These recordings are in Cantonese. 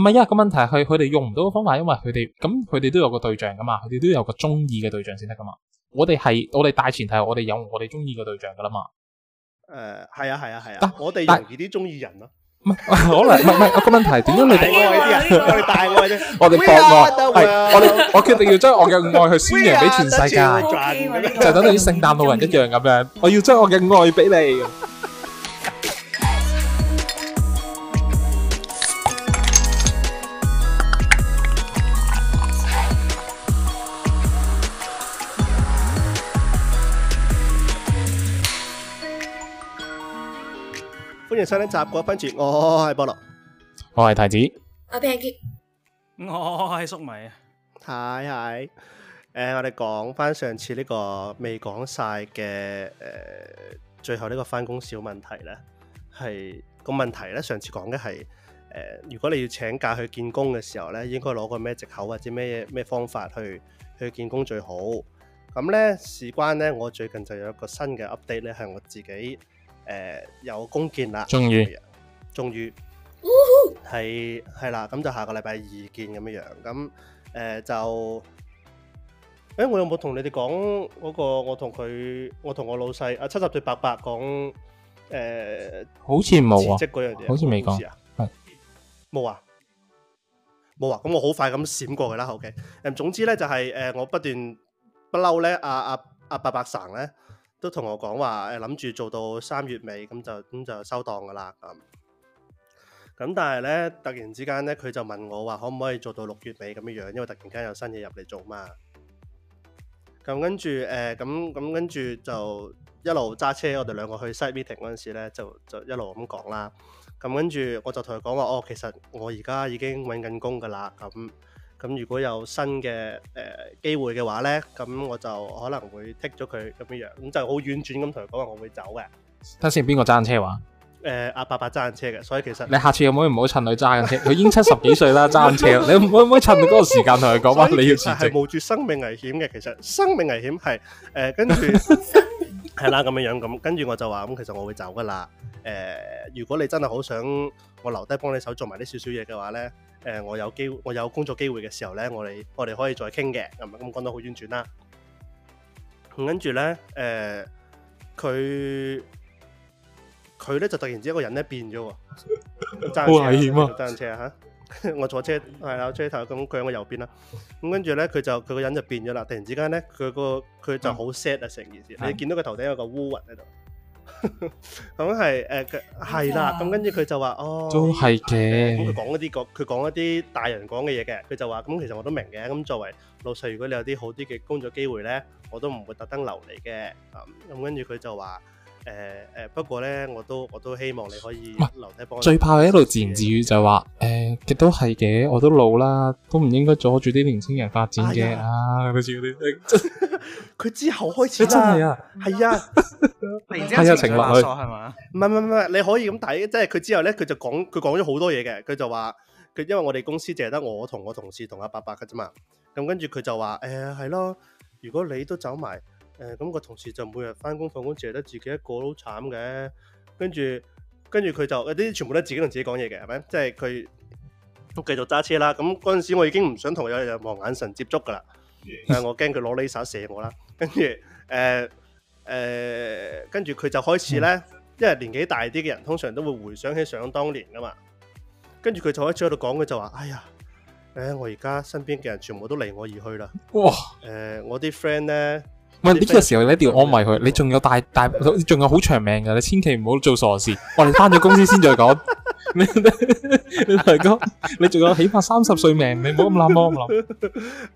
唔係，因為個問題係佢哋用唔到個方法，因為佢哋咁，佢哋都有個對象噶嘛，佢哋都有個中意嘅對象先得噶嘛。我哋係我哋大前提係我哋有我哋中意嘅對象噶啦嘛。誒，係啊，係啊，係啊。我哋容易啲中意人咯。唔係，可能唔係，我個問題點解你哋愛啲人？我哋大愛，我哋博愛，係我哋我決定要將我嘅愛去宣揚俾全世界，就等於啲聖誕老人一樣咁樣，我要將我嘅愛俾你。新一集嗰一分節，我係菠蘿，我係太子，我係粟米啊！係係，誒、呃，我哋講翻上次呢個未講晒嘅誒，最後呢個翻工小問題咧，係個問題咧。上次講嘅係誒，如果你要請假去見工嘅時候咧，應該攞個咩借口或者咩咩方法去去見工最好。咁咧，事關咧，我最近就有一個新嘅 update 咧，係我自己。誒，有弓箭啦，終於，終於係係啦，咁就下個禮拜二見咁樣樣，咁誒就誒，我有冇同你哋講嗰個？我同佢，我同我老細啊，七十歲伯伯講誒，好似冇啊，辭職嗰樣嘢好似未講啊，冇啊，冇啊，咁我好快咁閃過佢啦，OK，誒，總之咧就係誒，我不斷不嬲咧，阿阿阿伯伯神咧。都同我講話誒，諗、欸、住做到三月尾，咁就咁就收檔噶啦咁。咁但係咧，突然之間咧，佢就問我話可唔可以做到六月尾咁樣樣，因為突然間有新嘢入嚟做嘛。咁跟住誒，咁、欸、咁跟住就一路揸車，我哋兩個去 site meeting 嗰陣時咧，就就一路咁講啦。咁跟住我就同佢講話，哦，其實我而家已經揾緊工噶啦咁。咁如果有新嘅誒、呃、機會嘅話咧，咁、嗯、我就可能會剔咗佢咁樣樣，咁就好婉轉咁同佢講話，我會走嘅。等先等，邊個揸緊車話？阿伯伯揸緊車嘅，所以其實你下次可唔可以唔好趁佢揸緊車？佢 已經七十幾歲啦，揸緊車， 你唔可唔可以趁嗰個時間同佢講話你要辭職？係 冒住生命危險嘅，其實生命危險係誒、呃、跟住係 啦，咁樣樣咁，跟住我就話咁、嗯，其實我會走噶啦。誒、呃，如果你真係好想。我留低幫你手做埋啲少少嘢嘅話咧，誒、呃，我有機會，我有工作機會嘅時候咧，我哋我哋可以再傾嘅，咁咁講得好婉轉啦。咁跟住咧，誒、呃，佢佢咧就突然之間一個人咧變咗喎，揸 車啊，揸車啊 我坐車係啦，車頭咁佢喺我右邊啦。咁跟住咧，佢就佢個人就變咗啦。突然之間咧，佢、嗰個佢就好 sad 啊，成件事，嗯、你見到佢頭頂有個烏雲喺度。咁係誒，係啦、 嗯、咁、嗯嗯、跟住佢就話哦，都係嘅。咁佢講一啲個，佢講一啲大人講嘅嘢嘅，佢就話，咁、嗯、其實我都明嘅。咁、嗯、作為老細，如果你有啲好啲嘅工作機會咧，我都唔會特登留你嘅。咁、嗯，咁、嗯、跟住佢就話。誒誒，不過咧，我都我都希望你可以留低幫。最怕佢一路自言自語就話，誒，亦都係嘅，我都老啦，都唔應該阻住啲年青人發展嘅啊！佢之後開始真係啊，係啊，突然之間情緒落去係嘛？唔係唔係唔係，你可以咁睇。即係佢之後咧，佢就講佢講咗好多嘢嘅，佢就話佢因為我哋公司淨係得我同我同事同阿伯伯嘅啫嘛。咁跟住佢就話誒係咯，如果你都走埋。誒咁、嗯嗰個同事就每日翻工放工，剩係得自己一個都慘嘅。跟住跟住佢就誒啲全部都自己同自己講嘢嘅，係咪？即係佢都繼續揸車啦。咁嗰陣時，我已經唔想同佢有任何眼神接觸㗎啦。誒，我驚佢攞 Lisa 射我啦。跟住誒誒，跟住佢就開始咧，因為年紀大啲嘅人通常都會回想起想當年㗎嘛。跟住佢就開始喺度講，佢就話：哎呀，誒、哎、我而家身邊嘅人全部都離我而去啦。哇！誒、呃、我啲 friend 咧。喂，呢個時候你一定要安慰佢，你仲有大大仲有好長命嘅，你千祈唔好做傻事。我哋翻咗公司先再講， 你大哥，你仲有起碼三十歲命，你唔好咁諗，我諗。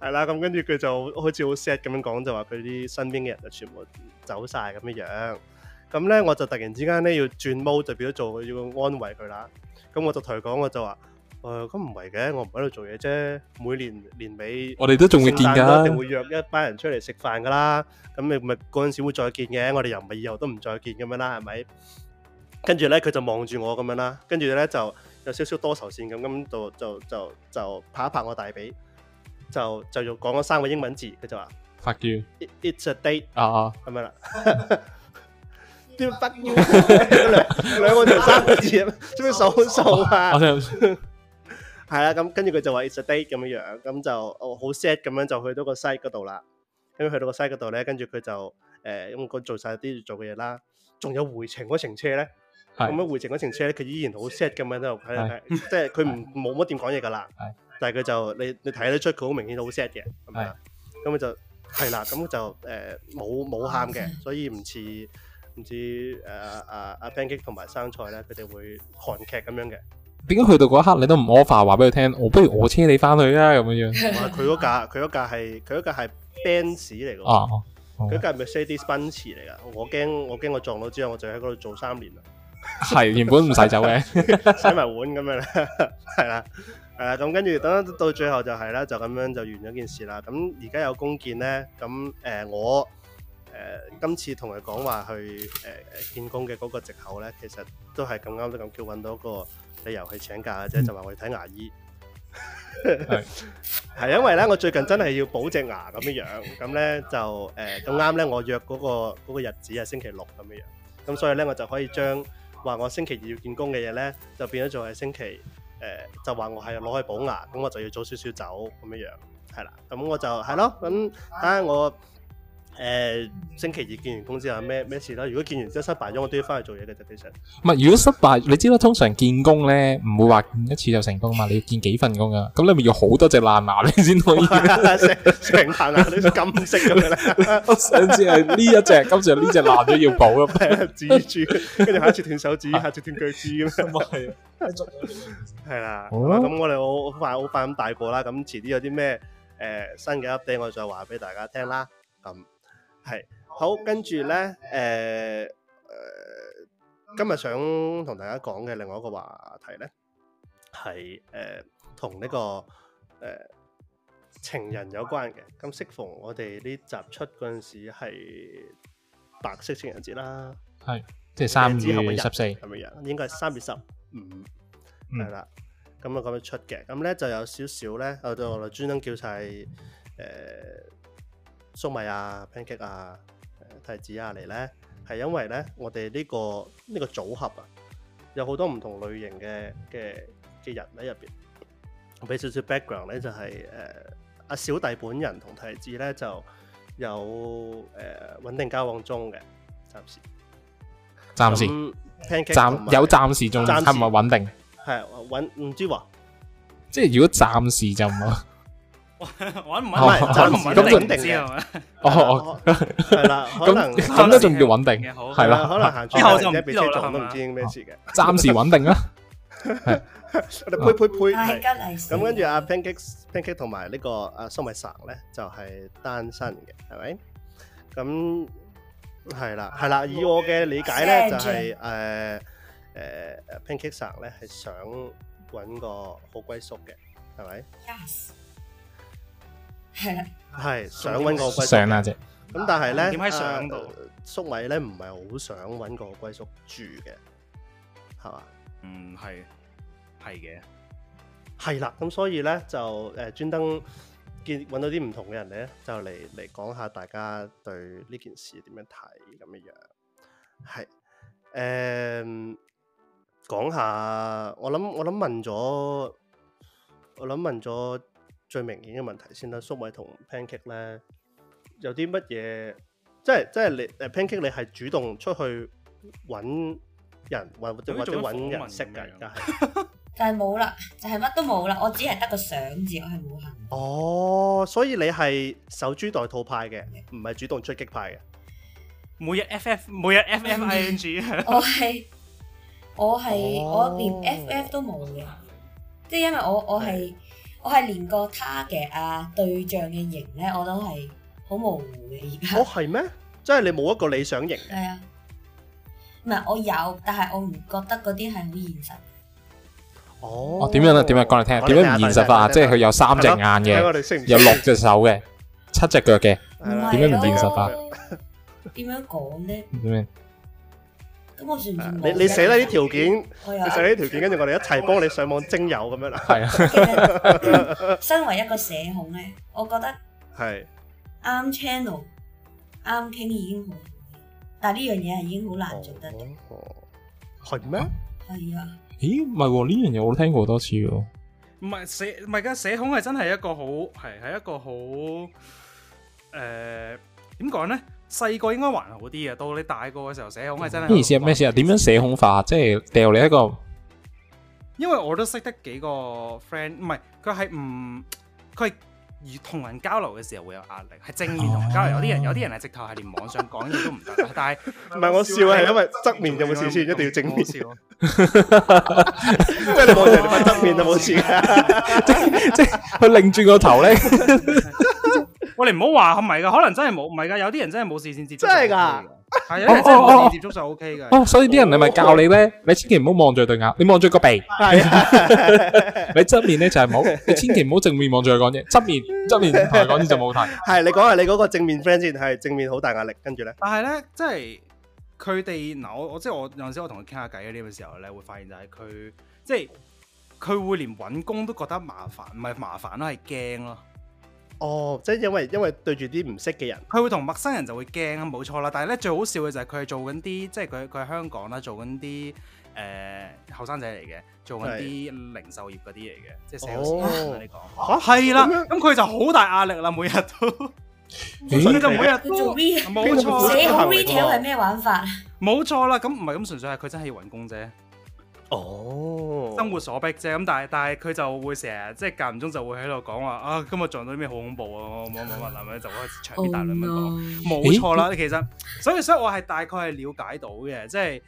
係啦，咁跟住佢就好似好 sad 咁樣講，就話佢啲身邊嘅人就全部走晒咁樣樣。咁咧，我就突然之間咧要轉毛，就變咗做要安慰佢啦。咁我就同佢講，我就話。誒，咁唔係嘅，我唔喺度做嘢啫。每年年尾，我哋都仲會見㗎，一定會約一班人出嚟食飯㗎啦。咁你咪嗰陣時會再見嘅。我哋又唔係以後都唔再見咁樣啦，係咪？跟住咧，佢就望住我咁樣啦。跟住咧就有少少多愁善感咁，就就就就拍一拍我大髀，就就用講咗三個英文字，佢就話 fuck you，it's a date 啊，咁樣啦。邊北？兩兩我做三個字，做咩數數啊？係啦，咁跟住佢就話 It's a date 咁樣、就是、樣，咁就哦好 sad 咁樣就、哦、去到個西嗰度啦。咁樣去到個西嗰度咧，跟住佢就誒咁佢做晒啲做嘅嘢啦。仲有回程嗰程車咧，咁樣是回程嗰程車咧，佢依然好 sad 咁樣喺度，即係佢唔冇乜點講嘢噶啦。但係佢就你你睇得出佢好明顯好 sad 嘅，咁佢就係啦，咁就誒冇冇喊嘅，所以唔似唔似誒誒阿 Pancake 同埋生菜咧，佢哋會韓劇咁樣嘅。點解去到嗰一刻你都唔 offer 話俾佢聽？我不如我車你翻去啦，咁樣。佢嗰架佢嗰架係佢嗰架係 n 馳嚟噶。啊，佢架係咪 s r c e d e s 奔馳嚟噶？我驚我驚我撞到之後我就喺嗰度做三年啦。係是 原本唔使走嘅， 洗埋碗咁樣啦。係啦，誒，咁跟住等到最後就係啦，就咁樣就完咗件事啦。咁而家有公建咧，咁誒我誒今次同佢講話去誒建、呃呃、工嘅嗰個藉口咧，其實都係咁啱都咁叫揾到一個。理由係請假嘅啫，就話我去睇牙醫。係，係因為咧，我最近真係要補隻牙咁樣樣，咁咧就誒咁啱咧，我約嗰個嗰個日子係星期六咁樣樣，咁所以咧我就可以將話我星期二要見工嘅嘢咧，就變咗做係星期誒，就話我係攞去補牙，咁我就要早少少走咁樣樣，係啦，咁我就係咯，咁等下我。誒、呃，星期二見完工之後咩咩事啦？如果見完之後失敗咗，我都要翻去做嘢嘅，就正常。唔係，如果失敗，你知啦，通常見工咧唔會話見一次就成功嘛，你要見幾份工噶，咁裏面有好多隻爛牙，你先可以成成棚牙啲金色咁樣咧。 上次係呢一隻，今次呢隻爛咗要補嘅珍珠，跟 住 下一次斷手指，下一次斷腳趾咁。係啦，咁我哋好快好快咁大個啦，咁遲啲有啲咩誒新嘅 update 我再話俾大家聽啦，咁、嗯。係好，跟住咧，誒、呃、誒、呃，今日想同大家講嘅另外一個話題咧，係誒同呢個誒、呃、情人有關嘅。咁適逢我哋呢集出嗰陣時係白色情人節啦，係即係三月十四咁嘅日，應該係三月十五、嗯，係啦。咁啊咁樣出嘅，咁咧就有少少咧，我就我就專登叫晒。誒、呃。粟米啊、pancake 啊、呃、提子啊嚟咧，係因為咧，我哋呢、呢個呢、呢個組合啊，有好多唔同類型嘅嘅嘅人喺入邊。俾少少 background 咧，就係誒阿小弟本人同提子咧就有誒穩、呃、定交往中嘅，暫時，暫時，暫有暫時仲係唔係穩定？係穩唔知即係如果暫時就唔好。穩唔穩定？咁就穩定先係嘛？哦，係啦。咁咁都仲叫穩定係啦。可能以後就唔知咩事嘅。暫時穩定啦。我哋配配配咁跟住阿 Pancake Pancake 同埋呢個誒蘇米薩咧就係單身嘅係咪？咁係啦係啦。以我嘅理解咧就係誒誒 Pancake 薩咧係想搵個好歸宿嘅係咪？Yes。係， 想搵個歸宿，咁、啊、但係咧，點喺、啊、上到粟、呃、米咧，唔係好想搵個歸宿住嘅，係嘛？唔係、嗯，係嘅，係啦。咁所以咧就誒專登見搵到啲唔同嘅人咧，就嚟嚟講下大家對呢件事點樣睇咁嘅樣。係，誒、呃，講下我諗我諗問咗，我諗問咗。.最明顯嘅問題先啦，粟米同 pancake 咧有啲乜嘢？即係即係你誒 pancake，你係主動出去揾人，或或者揾人識㗎，而家係，但係冇啦，就係乜都冇啦。我只係得個想字，我係冇行。哦，所以你係守株待兔派嘅，唔係主動出擊派嘅。每日 ff，每日 ffing，我係我係我連 ff 都冇嘅，即係因為我我係。我係連個 target 啊，對象嘅型咧，我都係好模糊嘅而家。哦，係咩？即係你冇一個理想型。係啊，唔係我有，但係我唔覺得嗰啲係好現實。哦，點樣咧？點樣講嚟聽點樣唔現實化？即係佢有三隻眼嘅，有六隻手嘅，七隻腳嘅，點樣唔現實化？點樣講咧？你你寫低啲條件，寫啲條件，跟住我哋一齊幫你上網徵友咁樣啦。係啊。身為一個社恐咧，我覺得係啱 channel，啱傾已經好，但呢樣嘢係已經好難做得到。係咩？係啊。咦，唔係喎？呢樣嘢我都聽過好多次咯。唔係社，唔係噶社恐係真係一個好係，係一個好誒，點講咧？細個應該還好啲啊，到你大個嘅時候社恐係真係。咩事啊？咩事啊？點樣社恐化？即係掉你一個。因為我都識得幾個 friend，唔係佢係唔佢係而同人交流嘅時候會有壓力，係正面同人，哦、交流。有啲人有啲人係直頭係連網上講嘢都唔得， 但係唔係我笑啊，係因為側面就冇事先，麼一定要正面笑，即係你冇你哋瞓側面就冇事，即係佢擰轉個頭咧。 你唔好話唔係噶，可能真係冇唔係噶，有啲人真係冇視線接觸，真係噶，係有啲人真係冇視線接觸就 O K 噶。哦，所以啲人你咪教你咧，你千祈唔好望住對眼，你望住個鼻，係你側面咧就係冇，你千祈唔好正面望住佢講嘢，側面側面同佢講嘢就冇問題。係你講下你嗰個正面 friend 先，係正面好大壓力，跟住咧。但係咧，即係佢哋嗱，我我即係我有陣時我同佢傾下偈呢個時候咧，會發現就係佢即係佢會連搵工都覺得麻煩，唔係麻煩咯，係驚咯。哦，即係因為因為對住啲唔識嘅人，佢會同陌生人就會驚啊，冇錯啦。但係咧，最好笑嘅就係佢係做緊啲，即係佢佢喺香港啦，做緊啲誒後生仔嚟嘅，做緊啲零售業嗰啲嚟嘅，即係 sales 啊！你講係啦，咁佢、啊、就好大壓力啦，每日都，就每日都做咩冇錯，寫 email 係咩玩法？冇錯啦，咁唔係咁純粹係佢真係要揾工啫。哦，生活所逼啫，咁但係但係佢就會成日即係間唔中就會喺度講話啊，今日撞到啲咩好恐怖啊，冇乜乜咁樣，啊、就開長篇大論咁講，冇錯、哦、啦。咦其實所以所以我係大概係了解到嘅，即係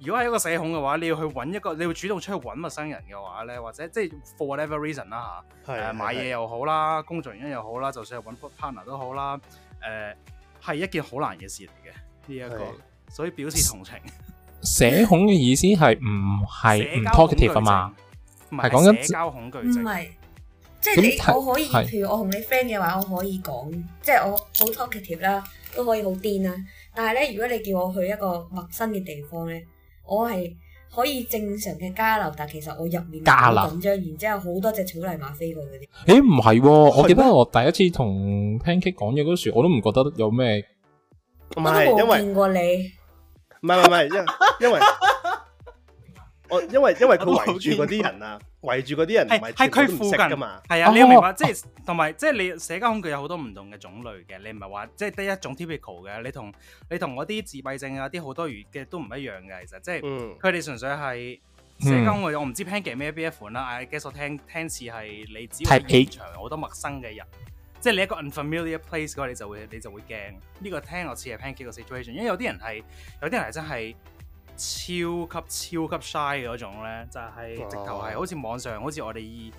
如果係一個社恐嘅話，你要去搵一個，你要主動出去搵陌生人嘅話咧，或者即係 for whatever reason 啦、啊、吓，誒買嘢又好啦，工作原因又好啦，就算係搵 partner 都好啦，誒、呃、係一件好難嘅事嚟嘅呢一個是，所以表示同情。 社恐嘅意思係唔係唔 talkative 啊嘛？係講緊社交恐懼症。唔係，即係我可以，譬如我同你 friend 嘅話，我可以講，即係我好 talkative 啦，都可以好癲啦。但係咧，如果你叫我去一個陌生嘅地方咧，我係可以正常嘅交流，但其實我入面好緊張，然之後好多隻草泥馬飛過嗰啲。誒，唔係，我記得我第一次同 Pancake 講嘢嗰時，我都唔覺得有咩，我都冇見過你。唔係唔係，因為因為我因為因為佢圍住嗰啲人，人 啊，圍住嗰啲人唔係喺佢附近噶嘛？係啊，你要明白，啊、即係同埋即係你社交恐具懼有好多唔同嘅種類嘅，你唔係話即係得一種 typical 嘅。你同你同我啲自閉症啊啲好多嘢嘅都唔一樣嘅其實，即係佢哋純粹係社交恐懼。嗯、我唔知 Pangie 咩邊一款啦，阿、嗯、Guess 聽聽似係你只係現場好多陌生嘅人。即係你一個 unfamiliar place 嗰個，你就會你就會驚呢個聽落似係 pancake 嘅 situation，因為有啲人係有啲人真係超級超級 shy 嘅嗰種咧，就係直頭係好似網上好似我哋誒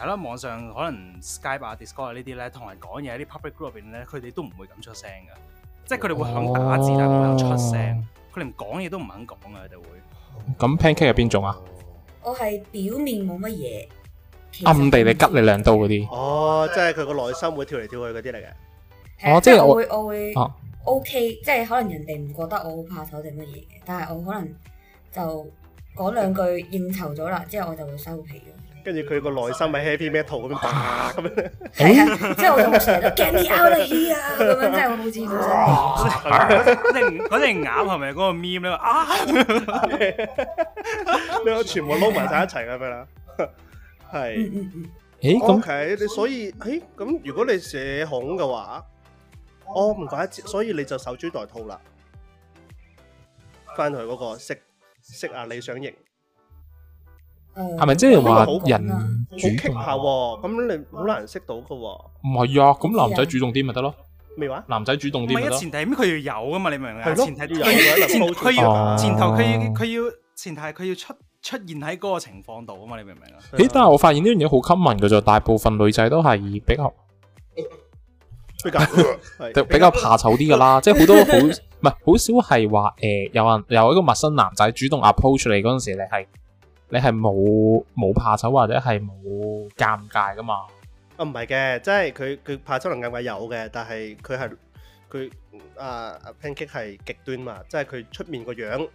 係咯網上可能 Skype 啊 Discord 呢啲咧，同人講嘢喺啲 public group 入邊咧，佢哋都唔會咁出聲嘅，即係佢哋會肯打字但唔肯出聲，佢連講嘢都唔肯講嘅，佢哋會。咁 pancake 係邊種啊？我係表面冇乜嘢。暗地你拮你兩刀嗰啲，哦，即係佢個內心會跳嚟跳去嗰啲嚟嘅，哦、啊，即係我會我會，哦，O K，即係可能人哋唔覺得我好怕醜定乜嘢，嘅，但係我可能就講兩句應酬咗啦，之後我就會收皮。跟住佢個內心係 happy 咩圖咁樣打啊，欸、即係我用蛇 get me out of here 咁樣，即係我冇資格。嗰隻嗰隻鴨係咪嗰個 meme 啊，呢、 那個、那個、全部撈埋晒一齊噶啦。嗯 係，誒咁，你所以，誒咁，如果你社恐嘅話，哦，唔怪得之，所以你就守株待兔啦。翻去嗰個識識啊，理想型，係咪即係話人主動下？咁你好難識到噶喎。唔係呀，咁男仔主動啲咪得咯？咩話？男仔主動啲咯。前提咩？佢要有噶嘛？你明唔明啊？前提要有啊，先冇錯。前頭佢要佢要前提佢要出。出現喺嗰個情況度啊嘛，你明唔明啊？咦、欸，但係我發現呢樣嘢好 common 㗎啫，大部分女仔都係比較比較怕醜啲噶啦，即係好多好唔係好少係話誒，有人由一個陌生男仔主動 approach 你嗰陣時，你係你係冇冇怕醜或者係冇尷尬噶嘛？啊，唔係嘅，即係佢佢怕醜能尷尬有嘅，但係佢係佢啊啊偏激係極端嘛，即係佢出面個樣。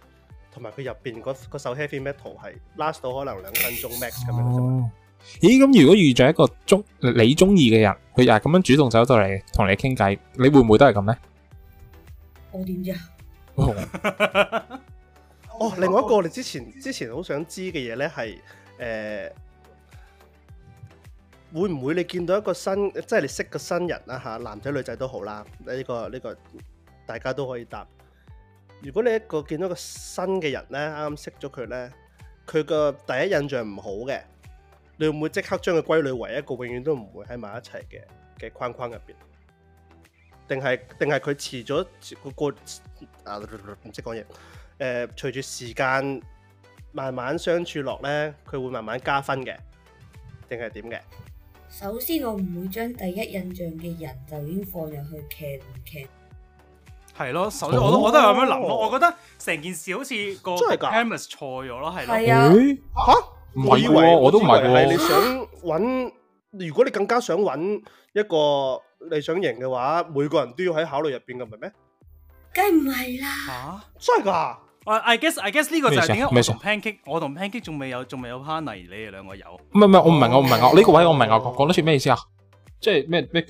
同埋佢入邊嗰嗰首 heavy metal 係 last 到可能兩分鐘 max 咁樣。哦，咦？咁如果遇着一個中你中意嘅人，佢又係咁樣主動走到嚟同你傾偈，你會唔會都係咁呢？我點知啊？哦，另外一個我哋之前之前好想知嘅嘢呢，係誒，會唔會你見到一個新即係你識個新人啦吓、啊，男仔女仔都好啦，呢個呢個大家都可以答。如果你一個見到個新嘅人咧，啱啱識咗佢咧，佢個第一印象唔好嘅，你會唔會即刻將佢歸類為一個永遠都唔會喺埋一齊嘅嘅框框入邊？定係定係佢遲咗個個啊？唔識講嘢誒，隨住時間慢慢相處落咧，佢會慢慢加分嘅，定係點嘅？首先，我唔會將第一印象嘅人就已經放入去劇唔劇。係咯，首先我都我都係咁樣諗咯，我覺得成件事好似個 Hamus 錯咗咯，係。係啊。吓？唔係喎，我都唔係喎。你想揾？如果你更加想揾一個你想型嘅話，每個人都要喺考慮入邊嘅，唔係咩？梗唔係啦。吓？真係噶？我 I guess I guess 呢個就係點解同 Pancake，我同 Pancake 仲未有仲未有 Party，你哋兩個有？唔係唔係，我唔明我唔明我呢個位我唔明我講得似咩意思啊？即係咩咩叫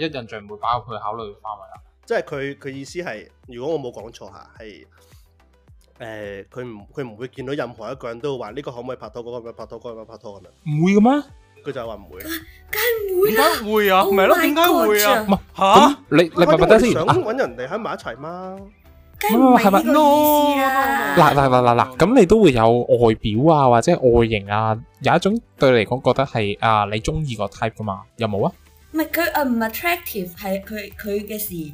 第一印象會擺入去考慮範圍啊？即係佢佢意思係，如果我冇講錯吓，係誒，佢唔佢唔會見到任何一個人都會話呢個可唔可以拍拖，嗰個唔拍拖，嗰個唔拍拖咁樣，唔會噶咩？佢就係話唔會，梗係唔會啦，會啊，唔係咯，點解會啊？唔吓，你你問埋先啊。想搵人哋喺埋一齊嘛？係咪？梗係唔係呢個意思啦。嗱嗱嗱嗱嗱，咁你都會有外表啊，或者外形啊，有一種對你嚟講覺得係啊，你中意個 type 噶嘛？有冇啊？唔係佢啊，唔係 attractive，係佢佢嘅事。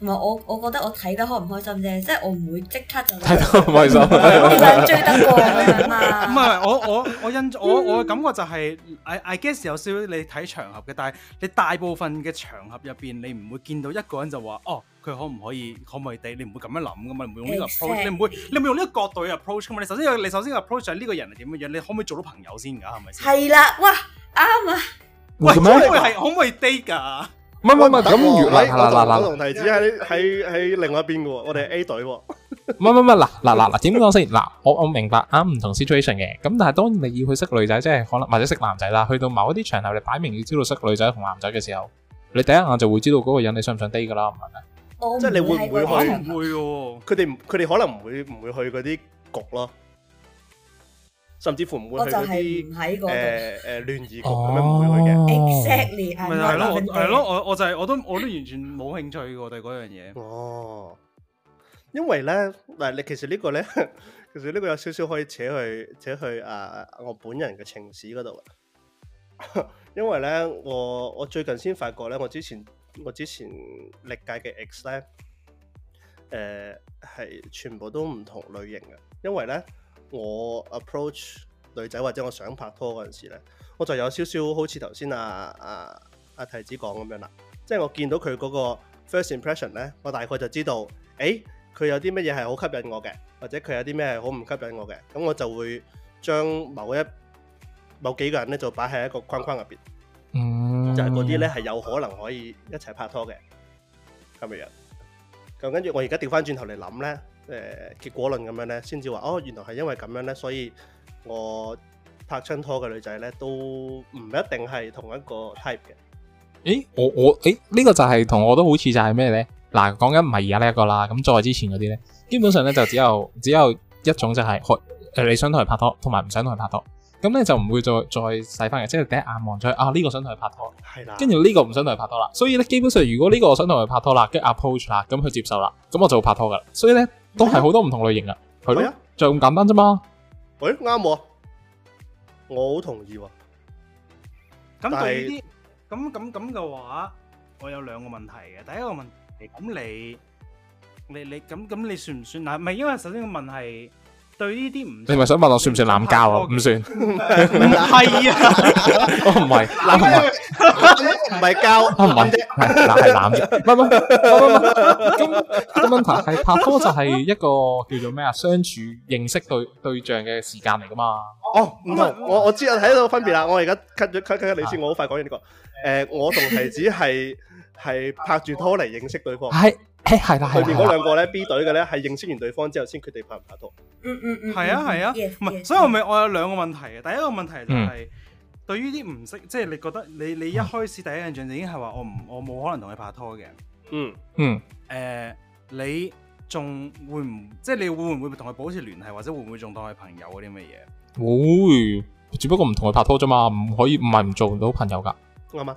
唔係我，我覺得我睇得開唔開心啫，即係我唔會即刻就睇得開唔開心。追得過佢嘛？唔係我我我因我我嘅感覺就係、是、 ，I I guess 有少少你睇場合嘅，但係你大部分嘅場合入邊，你唔會見到一個人就話，哦，佢可唔可以可唔可以 date？你唔會咁樣諗噶嘛？你唔會用呢個 approach，Exactly. 你唔會你唔會用呢個角度嘅 approach 嘛？你首先你首先 approach 係呢個人係點樣？你可唔可以做到朋友先㗎？係咪？係啦，哇啱啊嘛！喂，可唔可以係可唔可以 date 㗎？乜乜乜，咁原來嗱嗱嗱，龍提子喺喺喺另外一邊嘅喎，我哋係 A 隊喎。乜乜乜，嗱嗱嗱嗱，點講先？嗱，我我明白啊，唔同 situation 嘅，咁但係當你要去識女仔，即係可能或者識男仔啦。去到某一啲場合，你擺明要知道識女仔同男仔嘅時候，你第一眼就會知道嗰個人你想唔想 date 噶啦，唔係咩？即係你會唔會去？唔會，佢哋佢哋可能唔會唔會去嗰啲局咯。甚至乎唔會喺啲誒誒聯誼局咁樣唔會去嘅。Exactly，係啦係啦，係咯，我我就係我都我都完全冇興趣過對嗰樣嘢。哦，因為咧嗱，你其實呢個咧，其實呢個有少少可以扯去扯去啊！我本人嘅情史嗰度嘅，因為咧我我最近先發覺咧，我之前我之前歷屆嘅 ex 咧，誒係全部都唔同類型嘅，因為咧。我 approach 女仔或者我想拍拖嗰陣時咧，我就有少少好似頭先阿阿阿提子講咁樣啦，即係我見到佢嗰個 first impression 咧，我大概就知道，誒，佢有啲乜嘢係好吸引我嘅，或者佢有啲咩係好唔吸引我嘅，咁我就會將某一某幾個人咧就擺喺一個框框入邊，嗯，就係嗰啲咧係有可能可以一齊拍拖嘅咁樣樣，咁跟住我而家調翻轉頭嚟諗咧。誒結果論咁樣咧，先至話哦，原來係因為咁樣咧，所以我拍親拖嘅女仔咧，都唔一定係同一個 type 嘅。誒、欸，我我誒呢、欸這個就係同我都好似就係咩咧？嗱、啊，講緊唔係而家呢一個啦，咁再之前嗰啲咧，基本上咧就只有只有一種就係、是呃，你想同佢拍拖，同埋唔想同佢拍拖。咁咧就唔會再再細翻嘅，即、就、係、是、第一眼望咗去啊，呢、這個想同佢拍拖，係啦的，跟住呢個唔想同佢拍拖啦。所以咧，基本上如果呢個我想同佢拍拖啦，跟住 approach 啦，咁佢接受啦，咁我就拍拖噶。所以咧。都係好多唔同類型啊，係咯，就咁簡單啫嘛。喂，啱喎，我好同意喎。咁第二啲，咁咁咁嘅話，我有兩個問題嘅。第一個問題，咁你，你你咁咁你算唔算嗱？唔係，因為首先個問係。對呢啲唔，你咪想問我是是算唔算濫交啊？唔算，係啊，我唔係，唔係交，唔係濫，係濫啫，唔係唔係唔係。咁個問題係拍拖就係一個叫做咩啊相處、認識對對象嘅時間嚟噶嘛？哦，唔係，我知道我知啊，睇到分別啦。我而家 cut 咗 cut cut 你先，我好快講完呢、這個。誒、嗯嗯呃，我同提子係係拍住拖嚟認識對方。係。係啦，係啦，佢邊嗰兩個咧，B 隊嘅咧，係認識完對方之後先決定拍唔拍拖。嗯嗯、啊、嗯，係啊係啊，唔係，所以我咪我有兩個問題嘅。第一個問題就係，嗯，對於啲唔識，即係你覺得你你一開始第一印象已經係話我唔我冇可能同佢拍拖嘅。嗯嗯，誒、呃，你仲會唔即係你會唔會同佢保持聯繫，或者會唔會仲當係朋友嗰啲乜嘢？會、哦，只不過唔同佢拍拖啫嘛，唔可以唔係唔做唔到朋友噶。啱啱？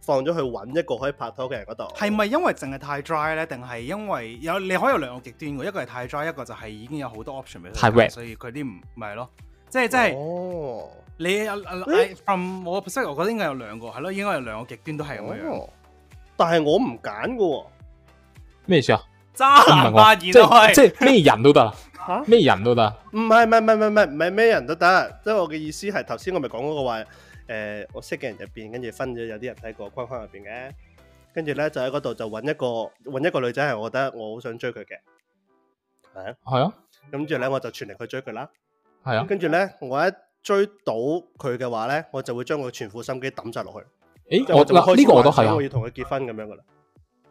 放咗去揾一個可以拍拖嘅人嗰度，係咪因為淨係太 dry 咧？定係因為有你可以有兩個極端嘅，一個係太 dry，一個就係已經有好多 option 俾佢，係，所以佢啲唔係咯，即係即係，你從我 perspective 覺得應該有兩個，係咯，應該有兩個極端都係咁樣，但係我唔揀嘅，咩事啊？渣男啊，即係即係咩人都得啊？咩人都得？唔係唔係唔係唔係唔係咩人都得，即係我嘅意思係頭先我咪講嗰個話。誒、呃，我識嘅人入邊，跟住分咗有啲人喺個框框入邊嘅，跟住咧就喺嗰度就揾一個揾一個女仔，係我覺得我好想追佢嘅，係啊，係啊，咁之後咧我就全力去追佢啦，係啊，跟住咧我一追到佢嘅話咧，我就會將個全副心機抌晒落去，誒、欸欸，我嗱呢、這個我都係、啊、我要同佢結婚咁樣噶啦。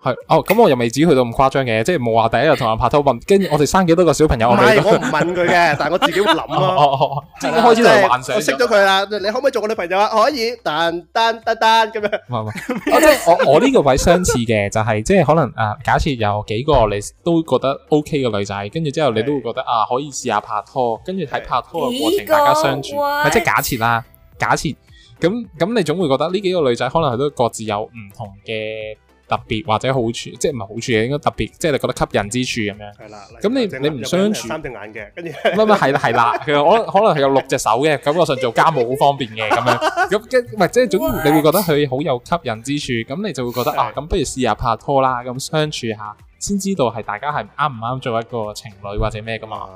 係 哦，咁我又未至於去到咁誇張嘅，即係冇話第一日同人拍拖問，跟住我哋生幾多個小朋友。唔係我唔問佢嘅， 但係我自己會諗咯。即係、 哦哦哦、 開始就幻想咗我識咗佢啦，你可唔可以做我女朋友啊？可以，但單得單咁樣。我我我呢個位相似嘅就係、是，即係可能啊，假設有幾個你都覺得 O K 嘅女仔，跟住之後你都會覺得啊，可以試下拍拖，跟住喺拍拖嘅過程大家相處，這個、即係假設啦，假設咁咁，你總會覺得呢幾個女仔可能佢都各自有唔同嘅。特別或者好處，即係唔係好處嘅，應該特別即係你覺得吸引之處咁樣。係啦，咁你你唔相處，三隻眼嘅，跟住乜乜係啦係啦，其實可可能係有六隻手嘅，感覺上做家務好方便嘅咁樣。咁跟唔係即係總之，哇 你會覺得佢好有吸引之處，咁你就會覺得的啊，咁不如試下拍拖啦，咁相處下先知道係大家係啱唔啱做一個情侶或者咩噶嘛。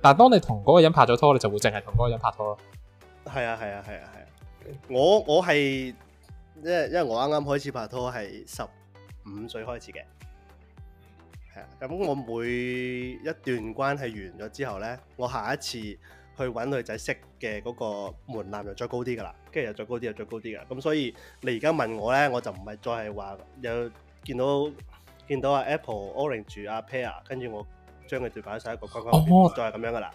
但係當你同嗰個人拍咗拖，你就會淨係同嗰個人拍拖咯。係啊係啊係啊係啊！我我係，因為因為我啱啱開始拍拖係十五歲開始嘅，係啊，咁我每一段關係完咗之後咧，我下一次去搵女仔識嘅嗰個門檻又再高啲噶啦，跟住又再高啲，又再高啲噶。咁所以你而家問我咧，我就唔係再係話有見到見到阿 Apple、Orange 住阿 Pear，跟住我將佢對擺晒一個框框，oh，再就係咁樣噶啦。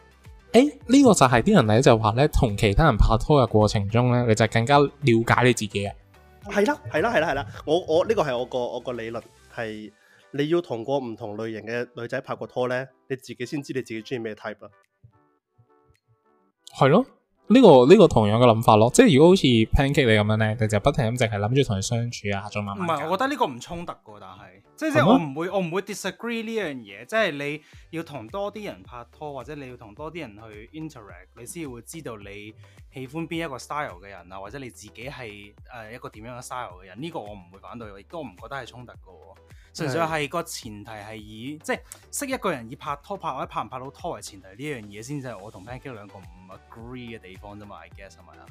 誒、欸、呢、這個就係啲人咧就話咧，同其他人拍拖嘅過程中咧，你就更加了解你自己啊。係啦，係啦，係啦，係啦，我我呢個係我個我個理論係，你要同過唔同類型嘅女仔拍過拖咧，你自己先知你自己中意咩 type 啊。係咯，呢個呢個同樣嘅諗法咯，即係如果好似 Pancake 你咁樣咧，你就不停咁淨係諗住同佢相處啊，做乜？唔係，我覺得呢個唔衝突噶，但係。即係我唔會我唔會 disagree 呢樣嘢，即係你要同多啲人拍拖，或者你要同多啲人去 interact，你先會知道你喜歡邊一個 style 嘅人啊，或者你自己係誒一個點樣嘅 style 嘅人，呢個我唔會反對，亦都唔覺得係衝突嘅，純粹係個前提係以即係識一個人以拍拖拍或者拍唔拍到拖為前提呢樣嘢先至係，我同 Benji 兩個唔 agree 嘅地方啫嘛，I guess 係咪啊？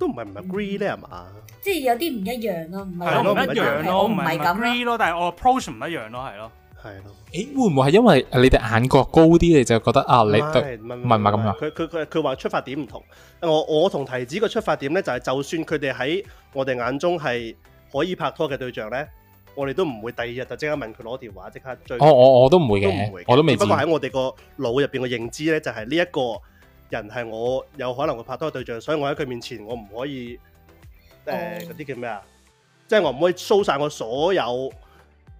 都唔係唔係 agree 咧，係嘛？即係有啲唔一樣咯，唔係唔一樣咯，唔係咁咯。但係我 approach 唔一樣咯，係咯，係咯。誒，會唔會係因為你哋眼角高啲，你就覺得啊，你唔係唔係咁樣？佢佢佢話出發點唔同。我我同提子個出發點咧，就係就算佢哋喺我哋眼中係可以拍拖嘅對象咧，我哋都唔會第二日就即刻問佢攞電話，即刻追。我哦，我都唔會嘅，都唔會我都未。不過喺我哋個腦入邊嘅認知咧，就係呢一個。人係我有可能會拍拖對象，所以我喺佢面前，我唔可以誒嗰啲叫咩啊？即係我唔可以 show 曬我所有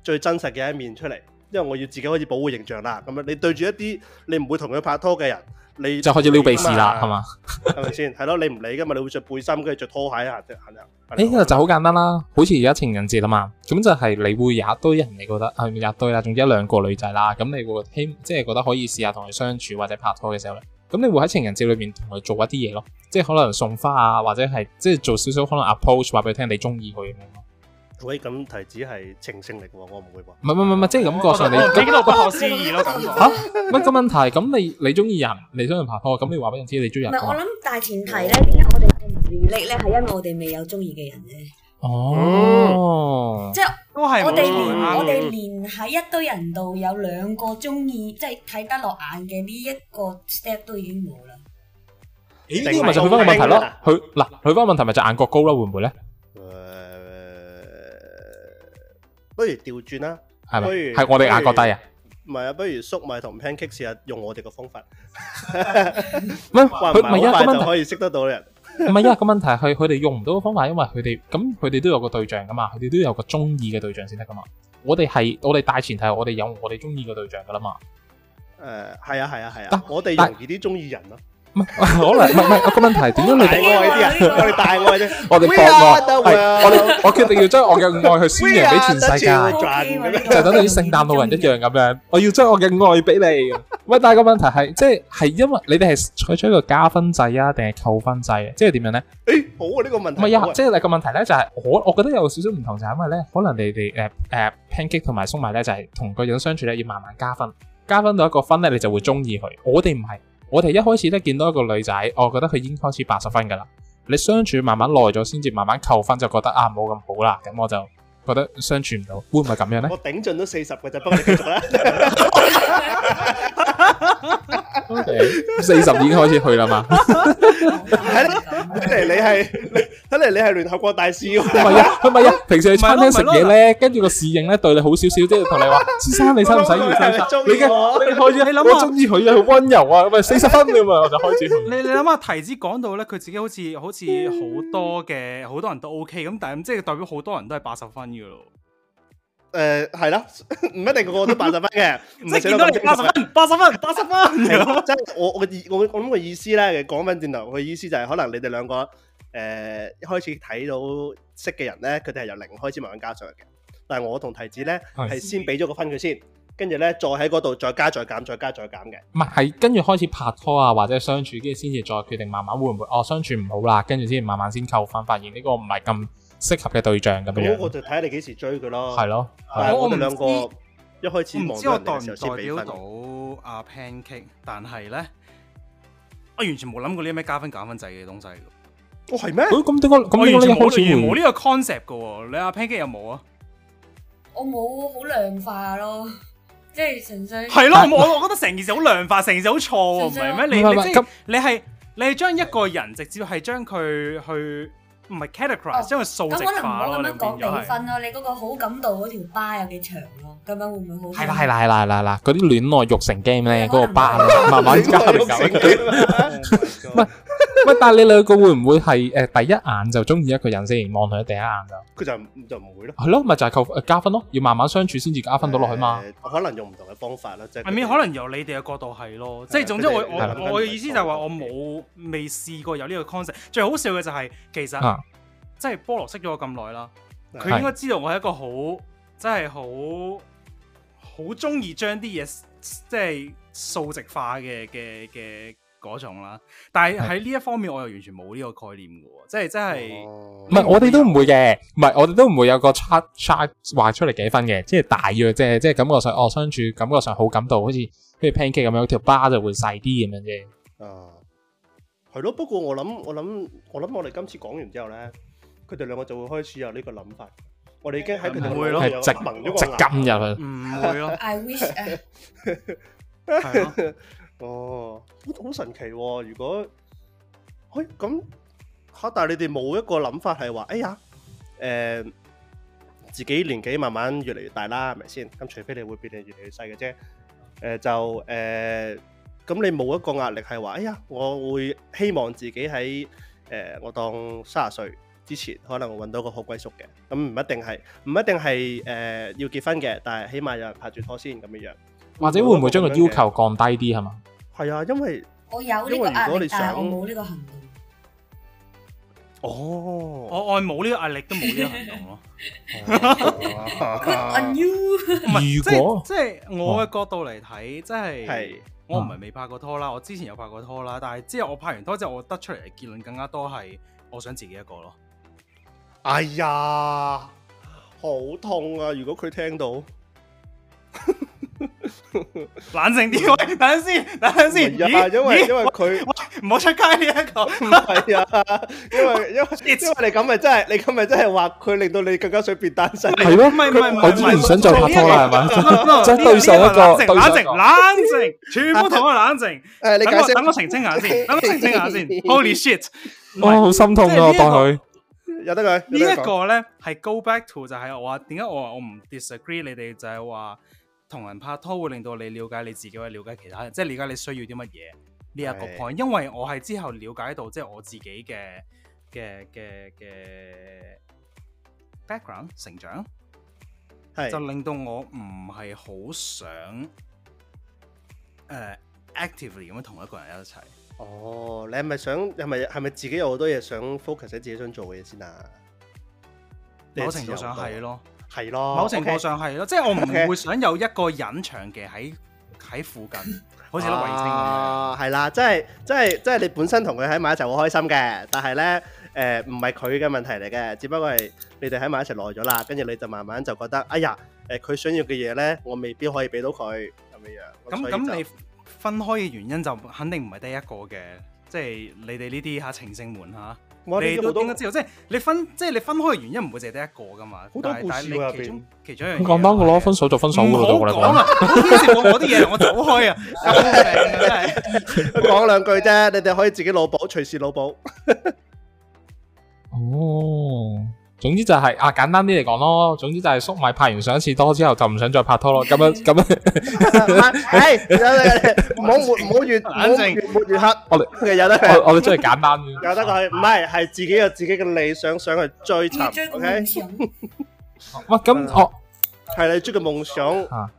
最真實嘅一面出嚟，因為我要自己開始保護形象啦。咁樣你對住一啲你唔會同佢拍拖嘅人，你就開始撩鼻屎啦，係嘛？係咪先？係咯， 你唔理噶嘛？你會着背心，跟住着拖鞋行，行 Hey, 吧啊！呢個，就好簡單啦，好似而家情人節啦嘛，咁就係你會約堆人，你覺得係咪有堆啦？仲有一兩個女仔啦，咁你會希即係覺得可以試下同佢相處或者拍拖嘅時候咧。咁你會喺情人節裏面同佢做一啲嘢咯，即係可能送花啊，或者係即係做少少可能 approach，話俾佢聽你中意佢啊嘛。喂，咁提子係情性嚟嘅喎，我唔會喎。唔係唔係唔係，即係感覺上你幾度不可思議咯，感覺吓。乜個問題？咁你你中意人，你想人拍拖，咁 你話俾人知你中意人。唔係我諗大前提咧，點解我哋唔熱烈咧？係因為我哋未有中意嘅人咧。哦，即係。我哋連我哋連喺一堆人度有兩個中意即係睇得落眼嘅呢一個 step 都已經冇啦。誒，呢個咪就去翻個問題咯，佢嗱佢翻個問題咪就眼角高啦，會唔會咧？誒，不如調轉啦，係咪？係我哋眼角低啊？唔係啊，不如粟米同 pancake 試下用我哋嘅方法，咩？佢咪一問就可以識得到人。唔係，因為個問題係佢哋用唔到個方法，因為佢哋咁，佢哋都有個對象噶嘛，佢哋都有個中意嘅對象先得噶嘛。我哋係我哋大前提係我哋有我哋中意嘅對象噶啦嘛。誒、呃，係啊，係啊，係啊，啊我哋容易啲中意人咯。唔係，我嚟，唔係，個問題點解你哋愛啲人？我哋大愛啫，我哋博愛，我哋我決定要將我嘅愛去宣揚俾全世界，就等於啲聖誕老人一樣咁樣。我要將我嘅愛俾你。喂，但係個問題係，即係係因為你哋係採取一個加分制啊，定係扣分制啊？即係點樣咧？誒，好啊，呢個問題唔係啊，即係個問題咧就係我，我覺得有少少唔同就係因為咧，可能你哋誒誒偏激同埋疏密咧，就係同個人相處咧要慢慢加分，加分到一個分咧，你就會中意佢。我哋唔係。我哋一開始咧見到一個女仔，我覺得佢已經開始八十分噶啦。你相處慢慢耐咗，先至慢慢扣分，就覺得啊，冇咁好啦。咁我就覺得相處唔到，會唔會咁樣呢？我頂盡都四十個，就幫你繼續啦四十已經開始去啦嘛，睇 嚟你係，睇嚟你係聯合國大使喎，唔係 啊，唔係啊，平時去餐廳食嘢咧，跟住個侍應咧對你好少少，即係同你話，啊、先生你使唔使要？你嘅，你開住，你諗我中意佢啊，佢溫柔啊，咪四十分噶嘛，我就開始去你。你你諗下，提子講到咧，佢自己好似好似好多嘅好 多人都 OK，咁但係咁即係代表好多人都係八十分噶咯。誒係啦，唔、呃、 一定個個都八十分嘅，即係見到你八十分、八十分、八十分，即係 我我嘅意我我諗嘅意思咧，講翻轉頭，佢意思就係可能你哋兩個誒一、呃、開始睇到識嘅人咧，佢哋係由零開始慢慢加上嘅，但係我同提子咧係、嗯、先俾咗個分佢先，跟住咧再喺嗰度再加再減再加再減嘅，唔係係跟住開始拍拖啊或者相處，跟住先至再決定慢慢會唔會哦相處唔好啦，跟住先慢慢先扣分，發現呢個唔係咁。適合嘅對象咁樣，我就睇下你幾時追佢咯。係咯，但係我哋兩個一開始唔知我代唔代表到阿 Pan King，但係咧，我完全冇諗過呢咩加分減分制嘅東西。哦，係咩？咁點解完全冇呢個 concept 嘅？你阿 Pan King 有冇啊？我冇，好量化咯，即係純粹係咯。我我覺得成件事好量化，成件事好錯，唔係咩？你你即係你係你係將一個人直接係將佢去。唔係 category，因為數值化。咁可能唔好咁樣講比分咯、啊，係係你嗰個好感度嗰條巴有幾長咯、啊？咁樣會唔會好？係啦係啦係啦係啦嗰啲戀愛育成 game 咧，嗰、啊啊啊嗰個巴慢慢加。 哦喂， 但係你兩個會唔會係誒第一眼就中意一個人先望佢第一眼㗎？佢就是、就唔會咯。係咯，咪、哦、就係、是、扣加分咯、哦，要慢慢相處先至加分到落去嘛、呃。可能用唔同嘅方法啦，即、就、係、是，係咪可能由你哋嘅角度係咯，即係對，總之我我我嘅意思就係話我冇未試過有呢個 concept。對最好笑嘅就係、是，其實、啊、即係菠蘿識咗我咁耐啦，佢對應該知道我係一個好對即係好好中意將啲嘢即係數值化嘅嘅嘅。嗰種啦，但係喺呢一方面我又完全冇呢個概念嘅喎，即係真係，唔係我哋都唔會嘅，唔係我哋都唔會有個 chart chart 話出嚟幾分嘅，即係大約啫，即係感覺上哦相處感覺上好感到好似譬如 pancake 咁樣條 bar 就會細啲咁樣啫。哦，係咯，不過我諗我諗我諗我哋今次講完之後咧，佢哋兩個就會開始有呢個諗法。我哋已經喺佢哋會咯，直問一個牙入去唔會咯。I wish 係咯。哦，好好神奇喎、哦！如果，喂咁吓，但係你哋冇一個諗法係話，哎呀，誒、呃，自己年紀慢慢越嚟越大啦，係咪先？咁除非你會變你越嚟越細嘅啫，誒、呃、就誒，咁、呃、你冇一個壓力係話，哎呀，我會希望自己喺誒、呃、我當卅歲之前，可能搵到個好歸宿嘅，咁唔一定係，唔一定係誒、呃、要結婚嘅，但係起碼又拍住拖先咁樣樣，或者會唔會將個要求降低啲係嘛？係啊，因為我有呢個壓力，但係我冇呢個行動。哦，我我冇呢個壓力都冇呢個行動咯。On you？如果，唔係即係即係我嘅角度嚟睇，即係係我唔係未拍過拖啦，我之前有拍過拖啦，但係之後我拍完拖之後，我得出嚟嘅結論更加多係我想自己一個咯。哎呀，好痛啊！如果佢聽到。 冷靜啲，喂，等陣先，等陣先。因為因為佢唔好出街呢一個，唔係啊，因為因為因為你咁咪真係，你咁咪真係話佢令到你更加想變單身。係咯，唔係唔係唔想再拍拖啦，係咪？即係對上一個冷靜冷靜全部同我冷靜。誒，你解釋，等我澄清下先，等我澄清下先。Holy shit，我好心痛啊，當佢有得佢呢一個咧，係 go back to 就係我話點解我話我唔 disagree 你哋就係話。同人拍拖會令到你了解你自己，或者了解其他人，即係了解你需要啲乜嘢呢一個 point。的因為我係之後了解到，即係我自己嘅嘅嘅嘅 background 成長，係的就令到我唔係好想誒、uh, actively 咁樣同一個人一齊。哦，你係咪想係咪係咪自己有好多嘢想 focus 喺自己想做嘅嘢先啊？某程度上係咯。係咯，某程度上係咯，Okay. 即係我唔會想有一個隱藏嘅喺喺附近，Okay. 好似粒衛星嘅，係啦、啊，即係即係即係你本身同佢喺埋一齊好開心嘅，但係咧誒，唔係佢嘅問題嚟嘅，只不過係你哋喺埋一齊耐咗啦，跟住你就慢慢就覺得哎呀，誒、呃、佢想要嘅嘢咧，我未必可以俾到佢咁樣。咁咁那以你分開嘅原因就肯定唔係得一個嘅，即係你哋呢啲吓情聖們吓。我哋都知啦，之後即係你分，即係你分開嘅原因唔會淨係得一個噶嘛，好多故事啊變。簡單嘅攞分手就分手。好，我講啊， 我講啲嘢，我走開啊，真係講兩句啫，你哋可以自己腦補，隨時腦補。哦。 Oh. 總之就係啊，簡單啲嚟講咯。總之就係粟米拍完上一次拖之後，就唔想再拍拖咯。咁樣咁樣，唔好唔好越唔好越抹越黑。我哋有得我我哋中意簡單。有得佢唔係係自己有自己嘅理想想去追尋。OK，哇咁我係你追嘅夢想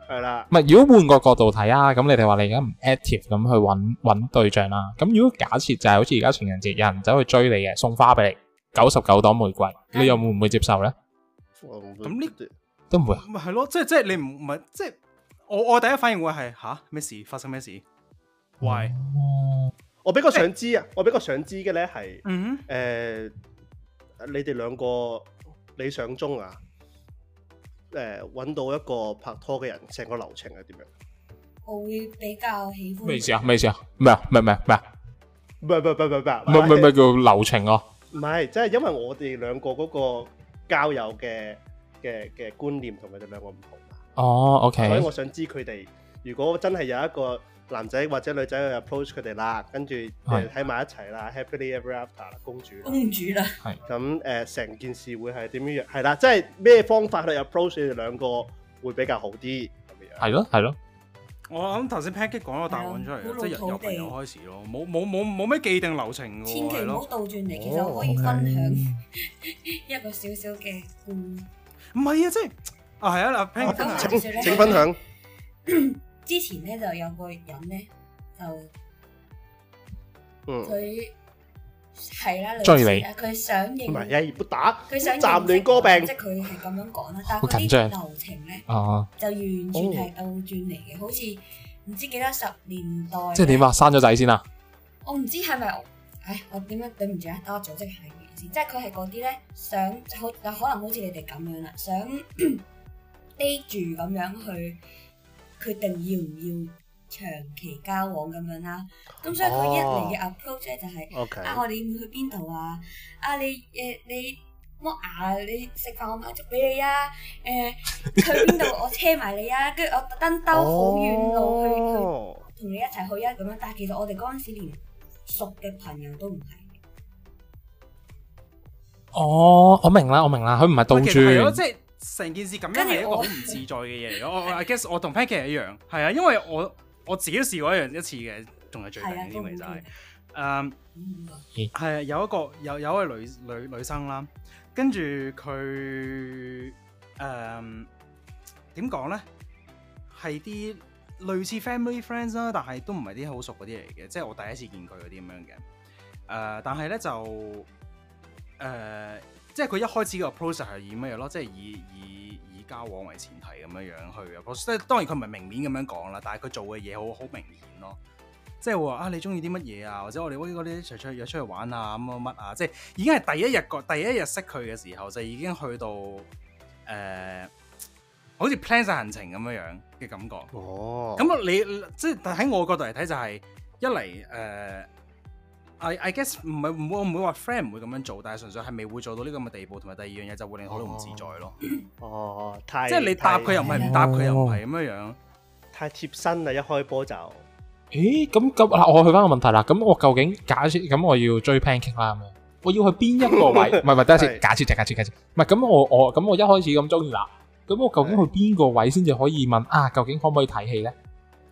係啦。唔係如果換個角度睇啊，咁你哋話你而家唔 active 咁去揾揾對象啦。咁如果假設就係好似而家情人節有人走去追你嘅，送花俾你。九十九朵玫瑰，你又會唔會接受咧？咁呢都唔會，咪係咯？即係即係你唔唔係即係我我第一反應會係吓咩事發生咩事？喂？我比較想知啊！我比較想知嘅咧係，誒，你哋兩個理想中啊，誒，搵到一個拍拖嘅人，成個流程係點樣？我會比較喜歡。咩事啊？咩事啊？咩啊？咩咩咩咩咩咩咩咩叫流程啊？唔係，即係因為我哋兩個嗰個交友嘅嘅嘅觀念同佢哋兩個唔同。哦、oh，OK。所以我想知佢哋如果真係有一個男仔或者女仔去 approach 佢哋啦，跟住誒喺埋一齊啦，happily ever after 啦，公主。公主啦。係的。咁誒，成、呃、件事會係點樣？係啦，即係咩方法去 approach 佢哋兩個會比較好啲咁樣？係咯，係咯。我諗頭先 package 講咗個答案出嚟，即係入入朋友開始咯，冇冇冇冇咩既定流程㗎喎，千祈唔好倒轉嚟，其實可以分享一個小小嘅嗯。唔係啊，即係啊，係啊，嗱，package 請請分享。之前咧就有個人咧就，嗯。係啦，女嘅佢想認唔係耶！不打佢想暫歌病，即係佢係咁樣講啦。但係呢啲流程咧，就完全係倒轉嚟嘅，啊、好似唔知幾多十年代。即係點啊？生咗仔先啊！我唔知係咪，唉，我點樣對唔住啊？等我組織下嘅意思，即係佢係嗰啲咧想好，就可能好似你哋咁樣啦，想 d 住咁樣去決定要唔要。長期交往咁樣啦，咁所以佢一嚟嘅 approach 就係、是 oh, okay. 啊，我哋要去邊度啊？啊，你誒你剝牙，你食飯我買粥俾你啊！誒、啊，去邊度 我車埋你啊？跟住我特登兜好遠路去同、oh. 你一齊去啊！咁樣，但係其實我哋嗰陣時連熟嘅朋友都唔係。哦、oh，我明啦，我明啦，佢唔係到處，即係成件事咁樣嘅係一個好唔自在嘅嘢嚟我 I guess 我 guess 我同 p a n k e 一樣，係啊，因為我。我自己都試過一樣一次嘅，仲係最勁啲味就係，誒係啊、嗯，有一個有有一位女女女生啦，跟住佢誒點講咧，係、呃、啲類似 family friends 啦，但係都唔係啲好熟嗰啲嚟嘅，即係我第一次見佢嗰啲咁樣嘅。誒、呃，但係咧就誒、呃，即係佢一開始個 process 係以咩咯？即係以以。以交往為前提咁樣樣去嘅，即係當然佢唔係明面咁樣講啦，但係佢做嘅嘢好好明顯咯，即係話啊，你中意啲乜嘢啊，或者我哋嗰啲一齊出去約出去玩啊，咁啊乜啊，即係已經係第一日第一日識佢嘅時候就已經去到誒、呃，好似 plan 曬行程咁樣樣嘅感覺。哦，咁啊你即係喺我角度嚟睇就係、是、一嚟誒。呃 I, I guess 唔係唔會唔會話 friend 唔會咁樣做，但係純粹係未會做到呢個咁嘅地步，同埋第二樣嘢就會令我都唔自在咯。哦，太即係你答佢又唔係，唔答佢又唔係咁樣，太貼身啦！一開波就誒咁咁，我去返個問題啦。咁我究竟假設咁我要追 Panking 啦，係咪？我要去邊一個位？唔係唔係，等一下先。 假設就假設假設，唔係咁我我咁我一開始咁中意啦。咁我究竟去邊個位先至可以問啊？究竟可唔可以睇戲咧？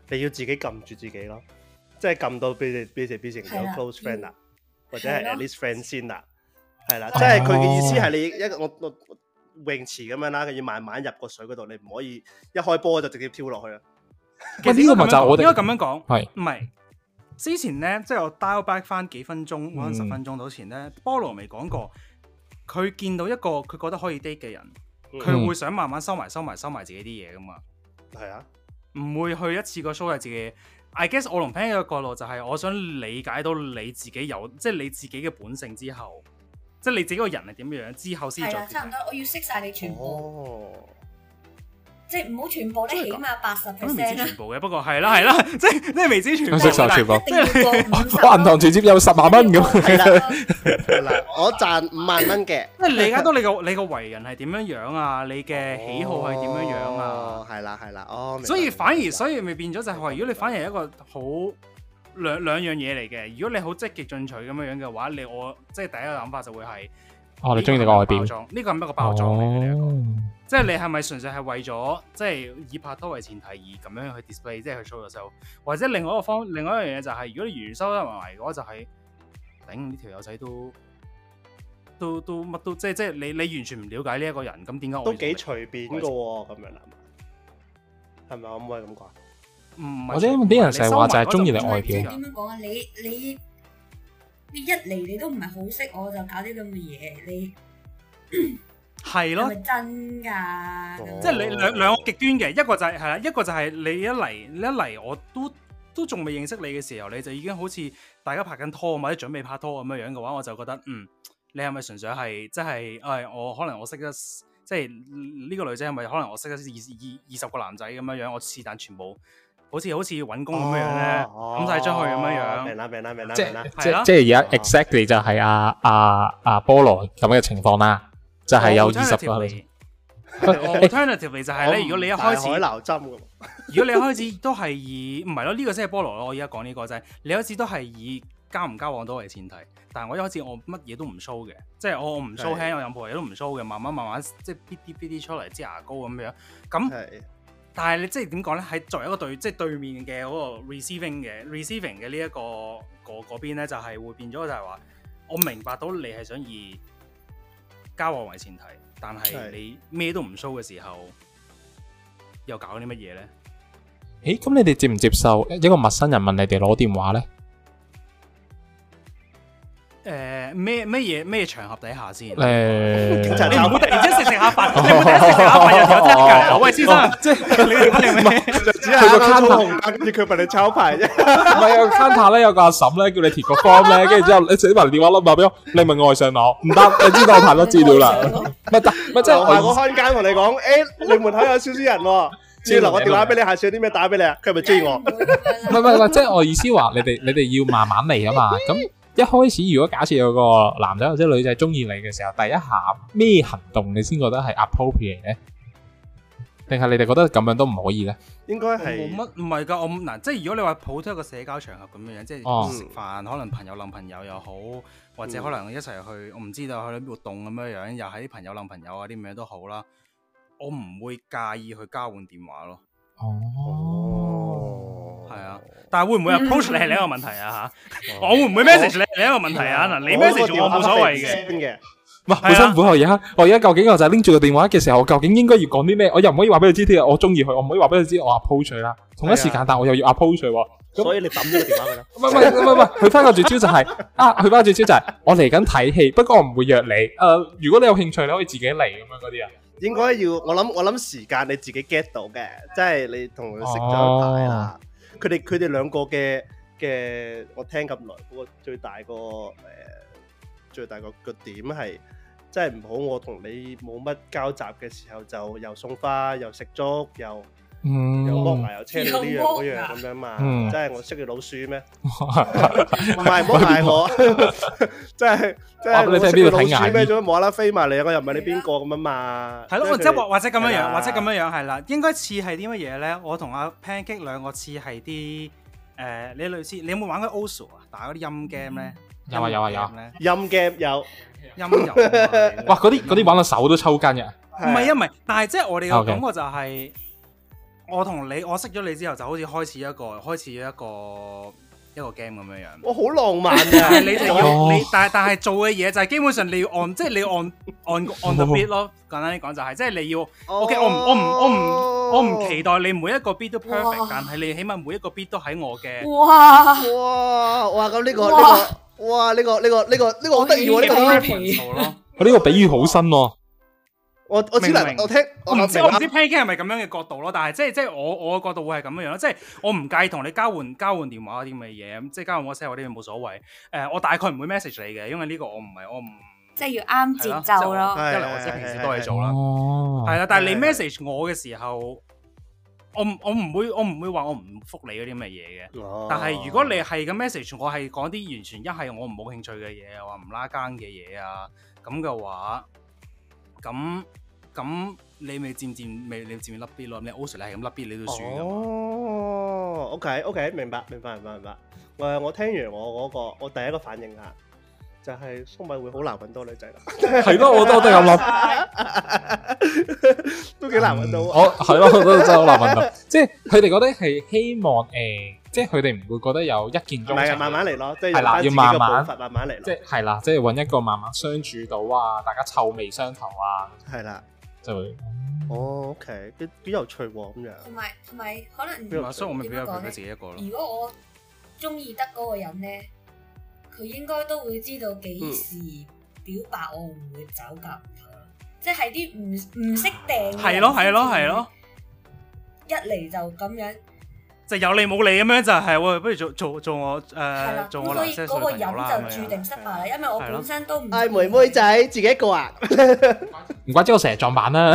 你要自己撳住自己咯。即係撳到變成變成變成有 close friend 啦、啊，嗯、或者係 at least friend 先啦，係啦、啊。即係佢嘅意思係你一我我泳池咁樣啦，佢要慢慢入個水嗰度，你唔可以一開波就直接跳落去啦。其實呢個問題我應該咁樣講，係唔係？之前咧，即係我 dial back 翻幾分鐘，可能十分鐘到前咧，菠蘿未講過，佢見到一個佢覺得可以 date 嘅人，佢、嗯、會想慢慢收埋收埋收埋自己啲嘢噶嘛。係啊，唔會去一次個 show 就自己。I guess 我同 Pan 嘅角度就係我想理解到你自己有即係、就是、你自己嘅本性之後，即、就、係、是、你自己個人係點樣之後先做。結、啊。差唔多，我要識晒你全部。Oh. 即係唔好全部咧，起碼八十 percent 啊！都唔知全部嘅，不過係啦係啦，即係都未知全部啦。一定過五十萬，即係我銀行存折有十萬蚊咁。係啦，我賺五萬蚊嘅。即係理解到你個你個為人係點樣樣啊？你嘅喜好係點樣樣啊？係啦係啦。哦，所以反而所以咪變咗就係話，如果你反而係一個好兩兩樣嘢嚟嘅，如果你好積極進取咁樣樣嘅話，你我即係第一個諗法就會係哦，你中意你個外邊裝呢個係乜個包裝嚟嘅。即係你係咪純粹係為咗即係以拍拖為前提而咁樣去 display，即係去 show yourself，或者另外一個方，另外一樣嘢就係、是，如果你完全收得埋埋嘅話，就係頂呢條友仔都都都乜都，即係即係你你完全唔了解呢一個人，咁點解我？都幾隨便噶喎，係咪啊？係咪啊？可唔可以咁講？唔，或者啲人成日話就係中意你外調噶。點樣講啊？你你你，你一嚟你都唔係好識我，我就搞啲咁嘅嘢，你。 係咯，真噶，即係你兩兩個極端嘅，一個就係係啦，一個就係你一嚟，你一嚟，我都都仲未認識你嘅時候，你就已經好似大家拍緊拖或者準備拍拖咁樣樣嘅話，我就覺得嗯，你係咪純粹係即係，誒，我可能我識得即係呢個女仔係咪可能我識得二二二十個男仔咁樣樣，我是但全部好似好似搵工咁樣樣咧，抌晒張去咁樣樣，即係而家 exactly 就係阿阿阿菠蘿咁嘅情況啦。就係有二十個我 Alternative 就係咧，如果你一開始， 如果你一開始都係以唔係咯，呢、這個即係菠蘿咯。我而家講呢個就係、是，你一開始都係以交唔交往到為前提。但係我一開始我乜嘢都唔 show 嘅，即、就、係、是、我是的 hand, 我唔 show hand，有任何嘢都唔 show 嘅，慢慢慢慢即係嗶嗶嗶 b 出嚟支牙膏咁樣。咁，是的 但係你即係點講咧？喺作為一個對即係、就是、對面嘅嗰個 rece receiving 嘅 receiving 嘅呢一個個嗰邊咧，就係、是、會變咗就係話，我明白到你係想以。交往為前提，但係你咩都唔 show 嘅時候，又搞啲乜嘢咧？誒，咁你哋接唔接受一個陌生人問你哋攞電話咧？誒咩咩嘢咩場合底下先？誒警察，你唔好突然之間食下食下飯。喂，先生，即係你只定咧，佢個卡號，你佢幫你抄牌啫。唔係啊，翻譯咧有個阿嬸咧叫你填個 form 咧，跟住之後你食埋飯，電話 number 俾我，你問我「愛上我」，唔得？你知道我太多資料啦。唔得即得，我我開間同你講，誒你門口有少少人喎，只要留個電話俾你，下次有啲咩打俾你啊？佢係咪追我？唔係唔係唔係，即係我意思話，你哋你哋要慢慢嚟啊嘛咁。一開始如果假設有個男仔或者女仔中意你嘅時候，第一下咩行動你先覺得係 appropriate 咧？定係你哋覺得咁樣都唔可以咧？應該係冇乜，唔係㗎。我嗱、啊，即係如果你話普通一個社交場合咁樣樣，即係食飯，嗯、可能朋友諗朋友又好，或者可能一齊去，我唔知道去邊活動咁樣樣，又喺啲朋友諗朋友啊啲咩都好啦。我唔會介意去交換電話咯。哦。係啊，但係會唔會 approach 你係另一個問題啊吓，我會唔會 message 你另一個問題啊？嗱，你 message 做我冇所謂嘅，唔係本身補後而家，我而家究竟就係拎住個電話嘅時候，我究竟應該要講啲咩？我又唔可以話俾佢知，我我中意佢，我唔可以話俾佢知我 approach 啦。同一時間，但我又要 approach 喎。咁所以你抌咗個電話佢。唔係唔係唔係唔係，佢翻個轉招就係啊，佢翻個轉招就係我嚟緊睇戲，不過我唔會約你。誒，如果你有興趣，你可以自己嚟咁樣嗰啲啊。應該要我諗，我諗時間你自己 get 到嘅，即係你同佢識咗一排啦。佢哋佢哋兩個嘅嘅，我聽咁耐，嗰最大個誒、呃，最大個個點係，即係唔好，我同你冇乜交集嘅時候，就又送花，又食粥，又。嗯，又剝牙又車你呢樣嗰樣咁樣嘛，嗯，即係我識嘅老鼠咩？唔係剝牙我，即係即係你識到睇眼咩？做乜冇啦啦飛埋嚟啊？我又唔係你邊個咁啊嘛？係咯，即係或或者咁樣樣，或者咁樣樣係啦。應該似係啲乜嘢咧？我同阿 Pancake 兩個似係啲誒，你類似你有冇玩過 Osu 啊？打嗰啲音 game 咧？有啊有啊有，音 game 有音有。哇，嗰啲嗰啲玩到手都抽筋嘅。唔係啊唔係，但係即係我哋嘅感覺就係。我同你，我識咗你之後，就好似開始一個，開始一個一個 game 咁樣樣。我好浪漫㗎！你就要你， 你，但係但係做嘅嘢就係基本上你要按，即係你要按按按個 beat 咯。簡單啲講就係、是，即、就、係、是、你要。OK，、哦、我唔我唔我唔我唔期待你每一個 beat 都 perfect，哇但係你起碼每一個 beat 都喺我嘅哇。哇哇、這個、哇！咁呢、這個呢、這個哇呢、這個呢、這個呢、這個呢、這個好得意喎！呢個比喻好新喎、哦。 我我只能聽我唔知。我唔知 Punchy 係咪咁樣嘅角度咯，但係即係即係我我嘅角度會係咁樣樣咯，即係我唔介意同你交換交換電話嗰啲咁嘅嘢，即係交換 WhatsApp 嗰啲嘢冇所謂。誒、呃，我大概唔會 message 你嘅，因為呢個我唔係我唔即係要啱節奏咯。一嚟我知平時多嘢做啦，係啦。但係你 message 我嘅時候，我唔我唔會我唔會話我唔覆你嗰啲咁嘅嘢嘅。哦、但係如果你係咁 message 我係講啲完全一係我唔冇興趣嘅嘢，或唔拉更嘅嘢啊咁嘅話。咁咁你咪漸漸咪你漸漸甩啲咯，你 O 叔你係咁甩啲，你都算噶。哦，OK OK，明白明白明白明白。誒，我聽完我嗰個，我第一個反應吓，就係粟米會好難搵到女仔啦。係咯，我都係咁諗，都幾難搵到。我係咯，真係好難搵到。即係佢哋覺得係希望誒。即係佢哋唔會覺得有一見鍾情，係啊，慢慢嚟咯，即係用翻自己嘅步伐慢慢嚟。即係係啦，即係搵一個慢慢相處到啊，大家臭味相投啊，係啦，就會哦，OK，幾有趣喎咁樣。同埋同埋，可能所以所以我咪比較自己一個咯。如果我中意得嗰個人咧，佢應該都會知道幾時表白，我唔會走㗎。即係啲唔唔識訂，係咯係咯係咯，一嚟就咁樣。就有你冇你咁樣就係，不如做做做我誒，做我。咁所以嗰個飲就注定失敗啦，因為我本身都唔係妹妹仔，自己一個啊？唔怪之我成日撞板啦。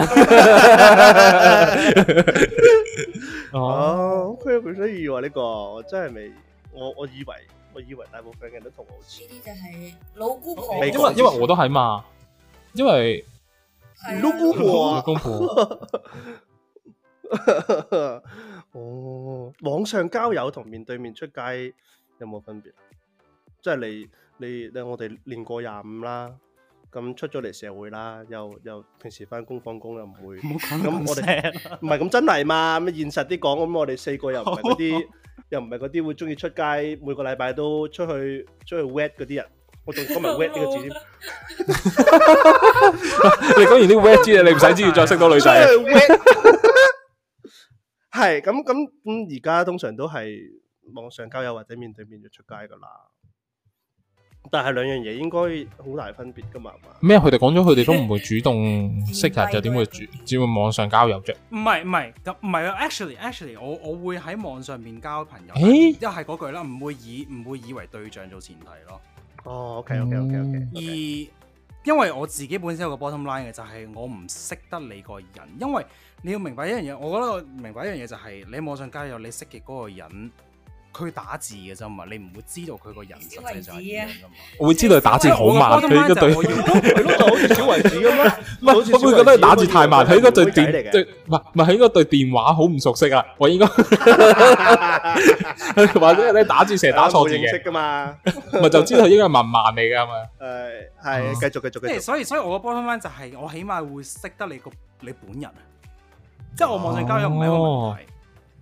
哦，佢有冇得意喎？呢個真係未？我我以為，我以為大部分人都同我好似。呢啲就係老姑婆，因為因為我都係嘛，因為老姑婆。哦，網上交友同面對面出街有冇分別啊？即係你你你我哋年過廿五啦，咁出咗嚟社會啦，又又平時翻工放工又唔會，唔好講咁我哋，唔係咁真係嘛？咁現實啲講，咁我哋四個又唔係嗰啲，又唔係嗰啲會中意出街，每個禮拜都出去出去 wet 嗰啲人，我仲講埋 wet 呢個字添，你講完呢個 wet 字啊，你唔使知要再識多女仔。係咁咁咁而家，通常都係網上交友或者面對面就出街噶啦，但係兩樣嘢應該好大分別噶嘛？係嘛？咩？佢哋講咗，佢哋都唔會主動識人， 就點會主 只會網上交友啫？唔係唔係咁唔係啊？Actually，actually，我我會喺網上面交朋友，咦，又係嗰句啦，唔會以唔會以為對象做前提咯。哦，OK OK OK OK，二、嗯。Okay。因為我自己本身有個 bottom line 嘅，就係我唔識得你個人。因為你要明白一樣嘢，我覺得我明白一樣嘢就係你喺網上加入你識嘅嗰個人。佢打字嘅啫嘛，你唔會知道佢個人實際就係點。我會知道佢打字好慢，佢應該對係好似小維子咁樣。我會覺得佢打字太慢，佢應該對電對唔係唔係佢應該對電話好唔熟悉啊？我應該 或者你打字成日打錯字㗎嘛，咪就知道佢應該係文盲嚟㗎係咪？誒係繼續繼續。即係所以所以，所以所以我 bottom line 就係我起碼會識得你個你本人啊，即係我網上交友唔係一個問題。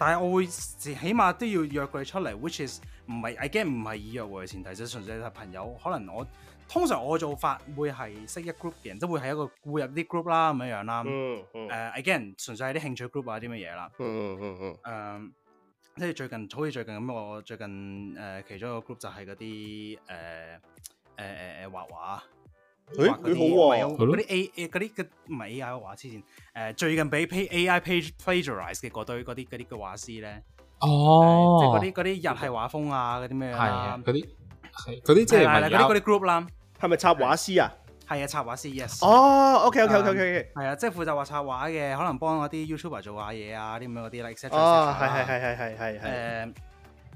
但係我會，起碼都要約佢出嚟，which is 唔係，I guess 唔係以約會前提，就純粹係朋友。可能我通常我做法會係識一 group 嘅人，都係會係一個顧入啲 group 啦，咁樣樣啦。嗯嗯。誒，I guess 純粹係啲興趣 group 啊啲乜嘢啦。嗯嗯嗯嗯。誒，即係最近，好似最近咁，我最近誒、呃、其中一個 group 就係嗰啲誒誒誒誒畫畫。佢好啊！嗰啲 A A 嗰啲嘅唔係 A I 畫之前，誒最近俾 A I plagiarize 嘅嗰堆嗰啲啲嘅畫師咧，哦，即係嗰啲啲日系畫風啊，嗰啲咩啊，嗰啲嗰啲即係嗰啲嗰啲 group 啦，係咪插畫師啊？係啊，插畫師，yes。哦，OK OK OK OK，係啊，即係負責畫插畫嘅，可能幫嗰啲 YouTuber 做下嘢啊，啲咁樣嗰啲，like 哦，係係係係係係誒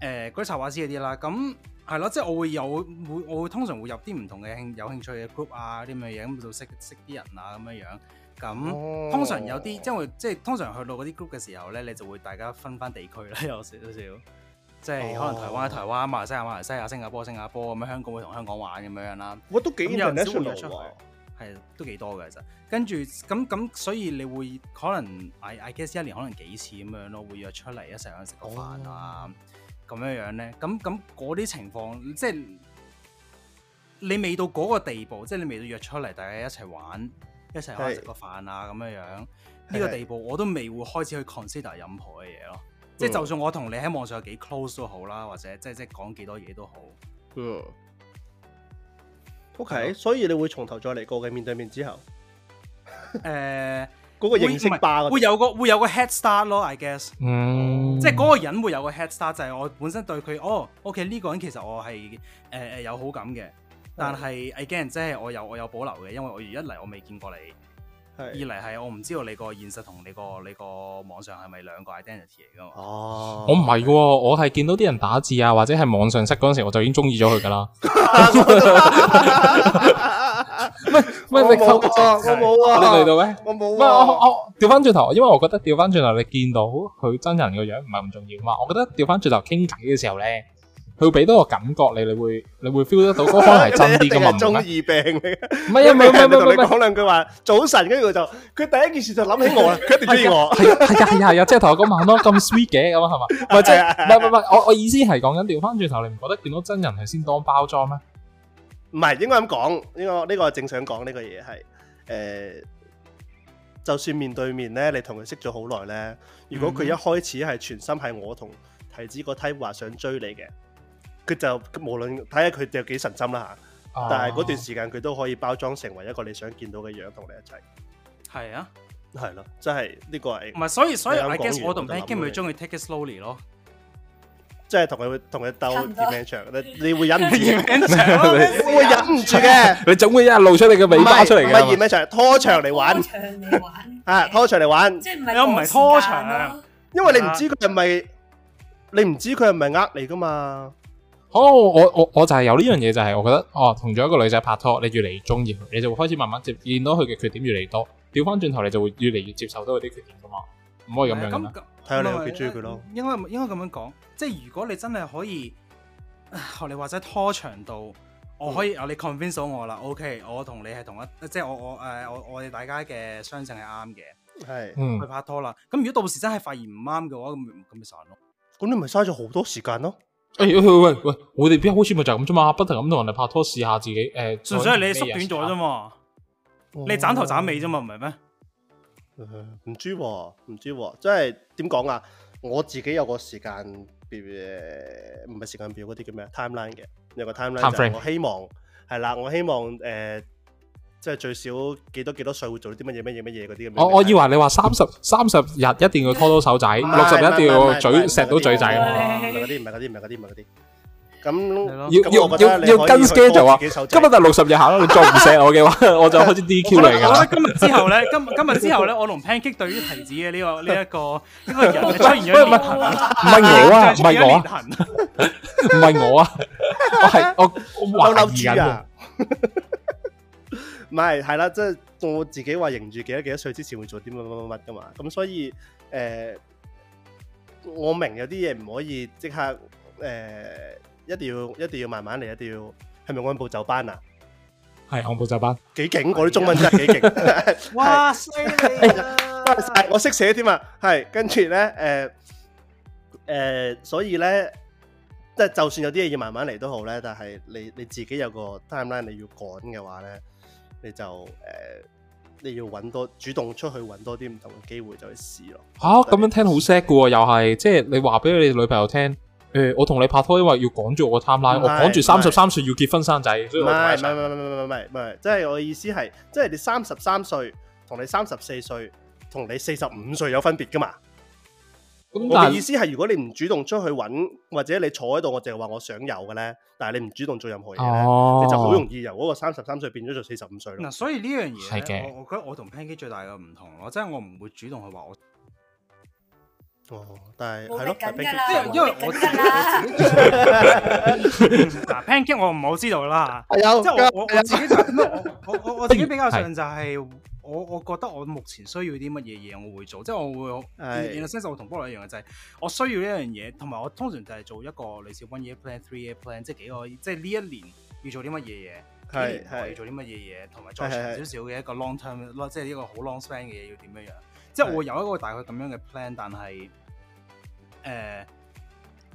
誒嗰啲插畫師嗰啲啦，咁。係咯，即係我會有會，我會通常會入啲唔同嘅興有興趣嘅 group 啊，啲咁嘅嘢，咁就識識啲人啊，咁樣樣。咁通常有啲，因為即係通常去到嗰啲 group 嘅時候咧，你就會大家分翻地區啦，有少少。即係可能台灣喺、哦、台灣，馬來西亞馬來西亞，新加坡新加坡咁樣，香港會同香港玩咁樣樣啦。我、欸、都幾 international 喎！係都幾多嘅其實。跟住咁咁，所以你會可能，我我 guess 一年可能幾次咁樣咯，會約出嚟一齊去食個飯、哦、啊。咁樣樣咧，咁咁嗰啲情況，即係你未到嗰個地步，即係你未到約出嚟，大家一齊玩，是一齊食個飯啊，咁樣樣呢的個地步，我都未會開始去 consider 任何嘅嘢咯。即係就算我同你喺網上有幾 close 都好啦，或者即係即係講幾多嘢都好。嗯。OK，所以你會從頭再嚟過嘅面對面之後，誒 呃。會，會有個會有個 head start 咯，I guess，、嗯、即係嗰個人會有個 head start，就係我本身對佢哦，OK 呢個人其實我係誒誒有好感嘅，但係 again 即係、嗯、我有我有保留嘅，因為我一嚟我未見過你。二嚟係我唔知道你個現實同你個你個網上係咪兩個 identity 嚟噶嘛？哦，oh，我唔係嘅喎，我係見到啲人打字啊，或者係網上識嗰陣時，我就已經中意咗佢噶啦。唔係唔係，我冇啊，你嚟到咩？我冇。唔係，我我調翻轉頭，因為我覺得調翻轉頭你見到佢真人個樣唔係咁重要嘛。我覺得調翻轉頭傾偈嘅時候咧。佢俾到個感覺你，你會你會 feel 得到嗰方係真啲嘅問題。中二病嚟嘅，唔係啊，唔係唔係唔係唔係，同你講兩句話，早晨，跟住佢就，佢第一件事就諗起我啦，佢一定中意我，係係啊係啊，即係同我講晚安咯，咁 sweet 嘅咁係嘛，咪即係，唔係唔係，我我意思係講緊調翻轉頭，你唔覺得見到真人係先當包裝咩？唔係應該咁講，呢個呢個正想講呢個嘢係誒，就算面對面咧，你同佢識咗好耐咧，如果佢一開始係全心係我同提子個 type 話想追你嘅。佢就無論睇下佢有幾神心啦嚇，但係嗰段時間佢都可以包裝成為一個你想見到嘅樣同你一齊。係啊，係咯，真係呢個係。唔係所以所以，I guess 我同 Benjamin 會中意 take it slowly 咯。即係同佢同佢鬥拖長，你你會忍唔住？我會忍唔住嘅，你總會一日露出你嘅尾巴出嚟嘅。乜拖長？拖長嚟玩。拖長嚟玩。啊！拖長嚟玩。即係唔係拖長咯？因為你唔知佢係咪，你唔知佢係咪呃你噶嘛？哦、oh，我我我就係有呢樣嘢，就係、是、我覺得哦，同咗一個女仔拍拖，你越嚟越中意佢，你就會開始慢慢見見到佢嘅缺點越嚟越多，調翻轉頭你就會越嚟越接受到佢啲缺點噶嘛，唔可以咁樣啦，係啊，睇下你會唔會中意佢咯，應該應該咁樣講，即係如果你真係可以學你或者拖長到，我可以啊，嗯、你 convince 到我啦，OK，我同你係同一，即係我我誒，我我哋大家嘅相性係啱嘅，係的、嗯、去拍拖啦，咁如果到時真係發現唔啱嘅話，咁咁咪散咯，咁你咪嘥咗好多時間咯。誒喂喂，喂我哋邊好似咪就係咁啫嘛，不停咁同人哋拍拖試下自己誒，純粹係你縮短咗啫嘛，哦、你斬頭斬尾啫嘛，唔係咩？唔知喎、啊，唔知喎、啊，即係點講啊？我自己有個時間表，唔係時間表嗰啲叫咩？timeline 嘅有個 timeline，我希望係 Time frame. 啦，我希望誒。呃即係最少幾多幾多歲會做啲乜嘢乜嘢乜嘢嗰啲咁？我我以為你話三十三十日一定要拖到手仔，六十日一定要嘴錫到嘴仔。嗰啲唔係嗰啲，唔係嗰啲，唔係嗰啲。咁要要要要跟 schedule 啊！今日就六十日行啦，你再唔錫我嘅話，我就開始 DQ 嚟㗎。我覺得今日之後咧，今今日之後咧，我同 Pancake 對於提子嘅呢個呢一個呢個人出現咗裂痕，唔係我啊，唔係我，唔係我啊，我係我懷疑緊。唔係，係啦，yes, like，即係我自己話諗住幾多幾多歲之前會做啲乜乜乜乜噶嘛，咁所以誒，我明有啲嘢，唔可以即刻誒，一定要一定要慢慢嚟，一定要係咪按部就班啊？係按部就班，幾勁！我啲中文真係幾勁，哇犀利啊！我識寫添啊，係跟住咧誒誒，所以咧，即係就算有啲嘢要慢慢嚟都好咧，但係你你自己有個 timeline 你要趕嘅話咧。你就誒，你要揾多主動出去揾多啲唔同嘅機會就去試咯。嚇，咁樣聽好 sad 嘅喎，又係即係你話俾你女朋友聽，誒，我同你拍拖，因為要趕住我個 timeline，我趕住三十三歲要結婚生仔。唔係唔係唔係唔係唔係唔係，即係我意思係，即係你三十三歲同你三十四歲同你四十五歲有分別噶嘛？我嘅意思係，如果你唔主動出去揾，或者你坐喺度，我淨係話我想有嘅咧，但係你唔主動做任何嘢咧，哦哦哦你就好容易由嗰個三十三歲變咗做四十五歲。嗱、啊，所以呢樣嘢，係嘅我我覺得我同 p a n g e y 最大嘅唔同咯，即係我唔會主動去話我。哦，但係係咯，即係因為我、啊。嗱 p a n g e y 我唔好知道啦，係有，即係我我自己就我我我，我，我自己比較上就係、是。我我覺得我目前需要啲乜嘢嘢，我會做，即係我會。係。而阿 s 同菠蘿一樣嘅就係，我需要呢樣嘢，同埋我通常就係做一個類似 one year plan three year plan，即係幾個，即係呢一年要做啲乜嘢嘢，幾年要做啲乜嘢嘢，同埋再長少少嘅一個 long term 咯，即係呢個好 long span 嘅嘢要點樣樣。即係我有一個大概咁樣嘅 plan，但係誒，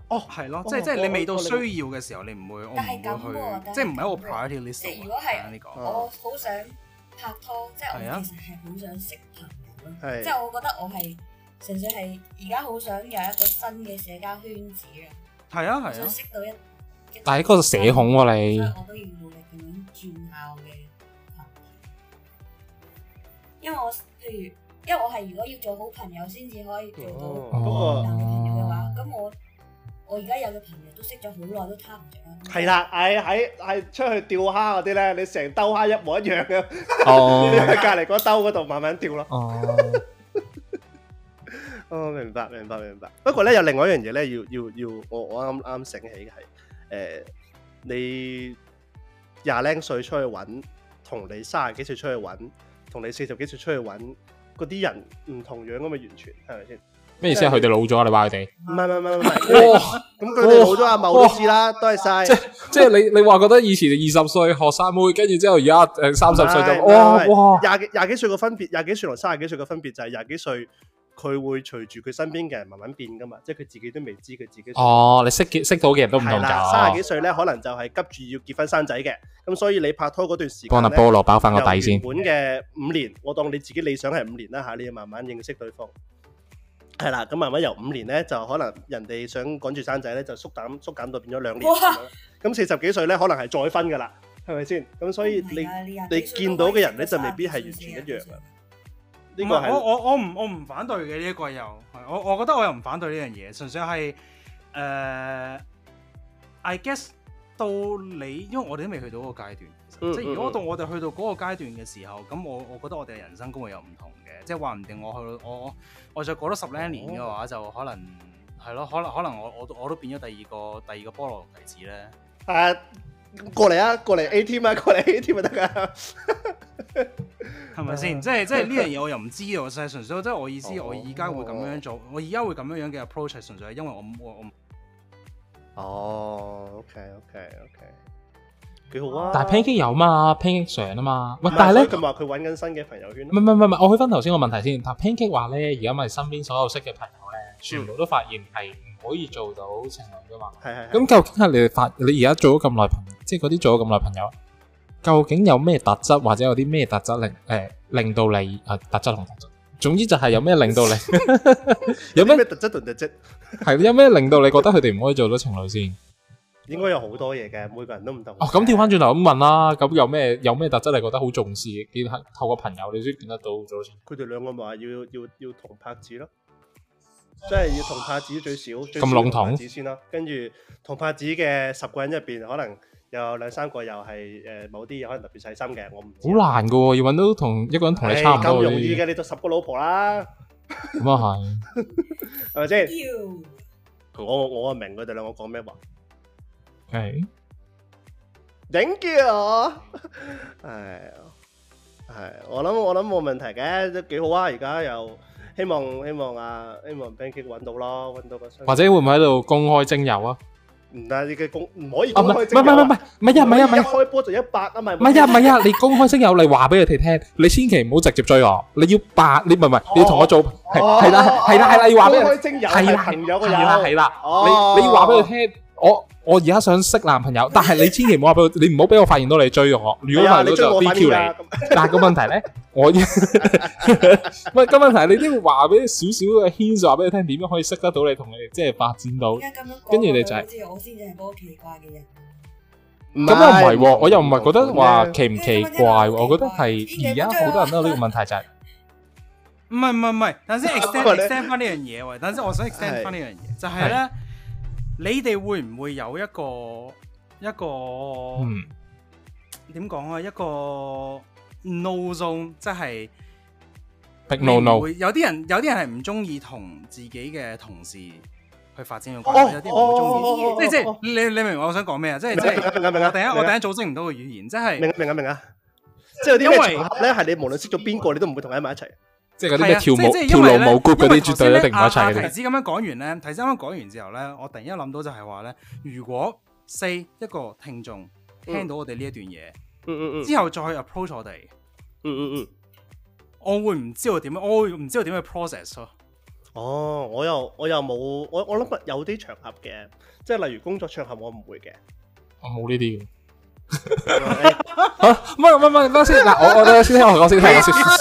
哦，係咯，即係即係你未到需要嘅時候，你唔會，我唔會去，即係唔係一個 priority list。如果係呢個，我好想。拍拖即係我其實係好想識朋友咯，的即係我覺得我係純粹係而家好想有一個新嘅社交圈子啦。係啊係啊，想識到一。的一但係嗰個社恐喎你。所以我都要努力咁樣轉下我嘅朋友，因為我譬如，因為我係如果要做好朋友先至可以做到男女朋友嘅話，咁我。我而家有個朋友都識咗好耐，都攤唔著。係啦，誒喺喺出去釣蝦嗰啲咧，你成兜蝦一模一樣嘅，喺隔離嗰兜嗰度慢慢釣咯。Oh. 哦，明白明白明白。不過咧，有另外一樣嘢咧，要要要，我我啱啱醒起嘅係，誒、呃，你廿零歲出去搵，同你卅幾歲出去搵，同你四十幾歲出去搵，嗰啲人唔同樣咁嘅完全，係咪先？咩意思啊？佢哋老咗你話佢哋？唔係唔係唔係，咁佢哋老咗啊，阿茂都知啦，都係晒。即即係你你話覺得以前二十歲學生妹，跟住之後而家誒三十歲就哇哇。廿幾廿幾歲個分別，廿幾歲同三十幾歲嘅分別就係廿幾歲，佢會隨住佢身邊嘅人慢慢變噶嘛。即係佢自己都未知佢自己。哦，你識結識到嘅人都唔同。三十幾歲咧，可能就係急住要結婚生仔嘅。咁所以你拍拖嗰段時間咧，幫阿菠蘿包返個底先。本嘅五年，我當你自己理想係五年啦吓，你要慢慢認識對方。係啦，咁慢慢由五年咧，就可能人哋想趕住生仔咧，就縮減縮減到變咗兩年咁。咁四十幾歲咧，可能係再婚噶啦，係咪先？咁所以你你見到嘅人咧，就未必係完全一樣噶。呢個我我我唔我唔反對嘅，呢個又係我我覺得我又唔反對呢樣嘢，純粹係誒，I guess 到你，因為我哋都未去到嗰個階段。嗯嗯，即係如果到我哋去到嗰個階段嘅時候，咁我我覺得我哋嘅人生觀會又唔同嘅。即係話唔定我去我我在過咗十零年嘅話，哦、就可能係咯，可能可能我我我都變咗第二個第二個菠蘿提子咧。係啊，過嚟啊，過嚟 A team 啊，過嚟 A team 咪得噶，係咪先？即係即係呢樣嘢我又唔知道，係 純粹即係我意思，我而家會咁樣做，哦、我而家會咁樣樣嘅 approach 係純粹係因為我我我哦、oh，OK OK OK。幾好啊！但係 Pinky 有嘛？Pinky 上啊嘛！喂，但係咧，咁話佢搵緊新嘅朋友圈。唔係唔係唔係，我去翻頭先個問題先。但係 Pinky 話咧，而家咪身邊所有識嘅朋友咧，全部都發現係唔可以做到情侶噶嘛？係係。咁究竟係你哋發，你而家做咗咁耐朋，即係嗰啲做咗咁耐朋友，究竟有咩特質或者有啲咩特質令誒令到你誒特質同特質？總之就係有咩令到你有咩特質同特質？係有咩令到你覺得佢哋唔可以做到情侶先？應該有好多嘢嘅，每個人都唔同。哦，咁掉返轉頭咁問啦，咁有咩有咩特質係覺得好重視？見係透過朋友你先見得到，最先。佢哋兩個話要要要，要同拍子咯，即係要同拍子最少， 最籠統拍子先啦。跟住同拍子嘅十個人入邊，可能有兩三個又係誒某啲嘢可能特別細心嘅，我唔知。好難嘅喎，要揾到同一個人同你差唔多。咁、欸、容易嘅，你都十個老婆啦。咁啊係，係咪先？我我明佢哋兩個講咩話。係，thank you，係，係，我諗我諗冇問題嘅，都幾好啊！而家又希望希望啊，希望 Benji 搵到咯，搵到個，或者會唔會喺度公開徵友啊？唔得，你嘅公唔可以公開徵友，唔係唔係唔係，唔係啊唔係啊唔係，一開波就一百啊嘛，唔係唔係啊唔係啊，你公開徵友你話俾佢哋聽，你千祈唔好直接追我，你要八，你唔係唔係，你要同我做，係啦係啦係啦，要話俾人，公開徵友係朋友嘅友，係啦係啦，你你要話俾佢聽。我我而家想識男朋友，但係你千祈唔好俾你唔好俾我發現到你追我。如果你追我就 B Q 你。但係個問題咧，我唔係個問題，你都要話俾少少嘅線索話俾你聽，點樣可以識得到你，同你即係發展到。依家咁樣講，跟住你就係好似我先至係嗰個奇怪嘅人。咁又唔係，我又唔係覺得話奇唔奇怪，我覺得係而家好多人都有呢個問題就係唔係唔係唔係，但係 extend extend 翻呢樣嘢。但係我想 extend 翻呢樣嘢，就係咧。你哋會唔會有一個一個點講啊？一個 No zone，即係，會唔會有啲人有啲人係唔中意同自己嘅同事去發展個關係？有啲人會中意，即係即係你你明唔明我我想講咩啊？即係明啊明明啊！第一我第一組織唔到個語言，即係明明啊明啊！即係有啲因為咧，係你無論識咗邊個，你都唔會同佢喺埋一齊。即係嗰啲嘅跳舞、跳舞冇骨嗰啲，絕對一定唔得齊嘅。提子咁樣講完咧，提子咁樣講完之後咧，我突然間諗到就係話咧，如果 say 一個聽眾聽到我哋呢一段嘢，嗯嗯嗯，之後再 approach 我哋，嗯嗯嗯，我會唔知道點樣，我會唔知道點樣去 process 咯？哦，我又我又冇我我諗啊，有啲場合嘅，即係例如工作場合，我唔會嘅，我冇呢啲嘅。啊，唔好唔好唔好，等先嗱，我我先聽我講先，我先。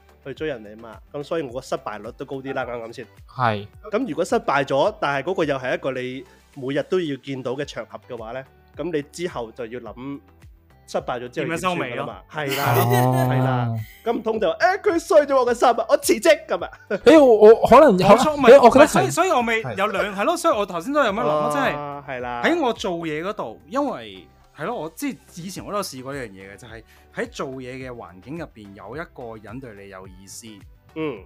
去追人哋嘛，咁所以我嘅失敗率都高啲啦，啱啱先。係，咁如果失敗咗，但係嗰個又係一個你每日都要見到嘅場合嘅話咧，咁你之後就要諗失敗咗之後點樣收尾咯，係啦，係啦，咁唔通就誒佢碎咗我嘅心啊，我辭職咁啊？誒我我可能好錯，唔係我嘅，所以所以我未有兩係咯，所以我頭先都有乜諗，即係係啦，喺我做嘢嗰度，因為。係咯，我之以前我都試過一樣嘢嘅，就係喺做嘢嘅環境入邊有一個人對你有意思，嗯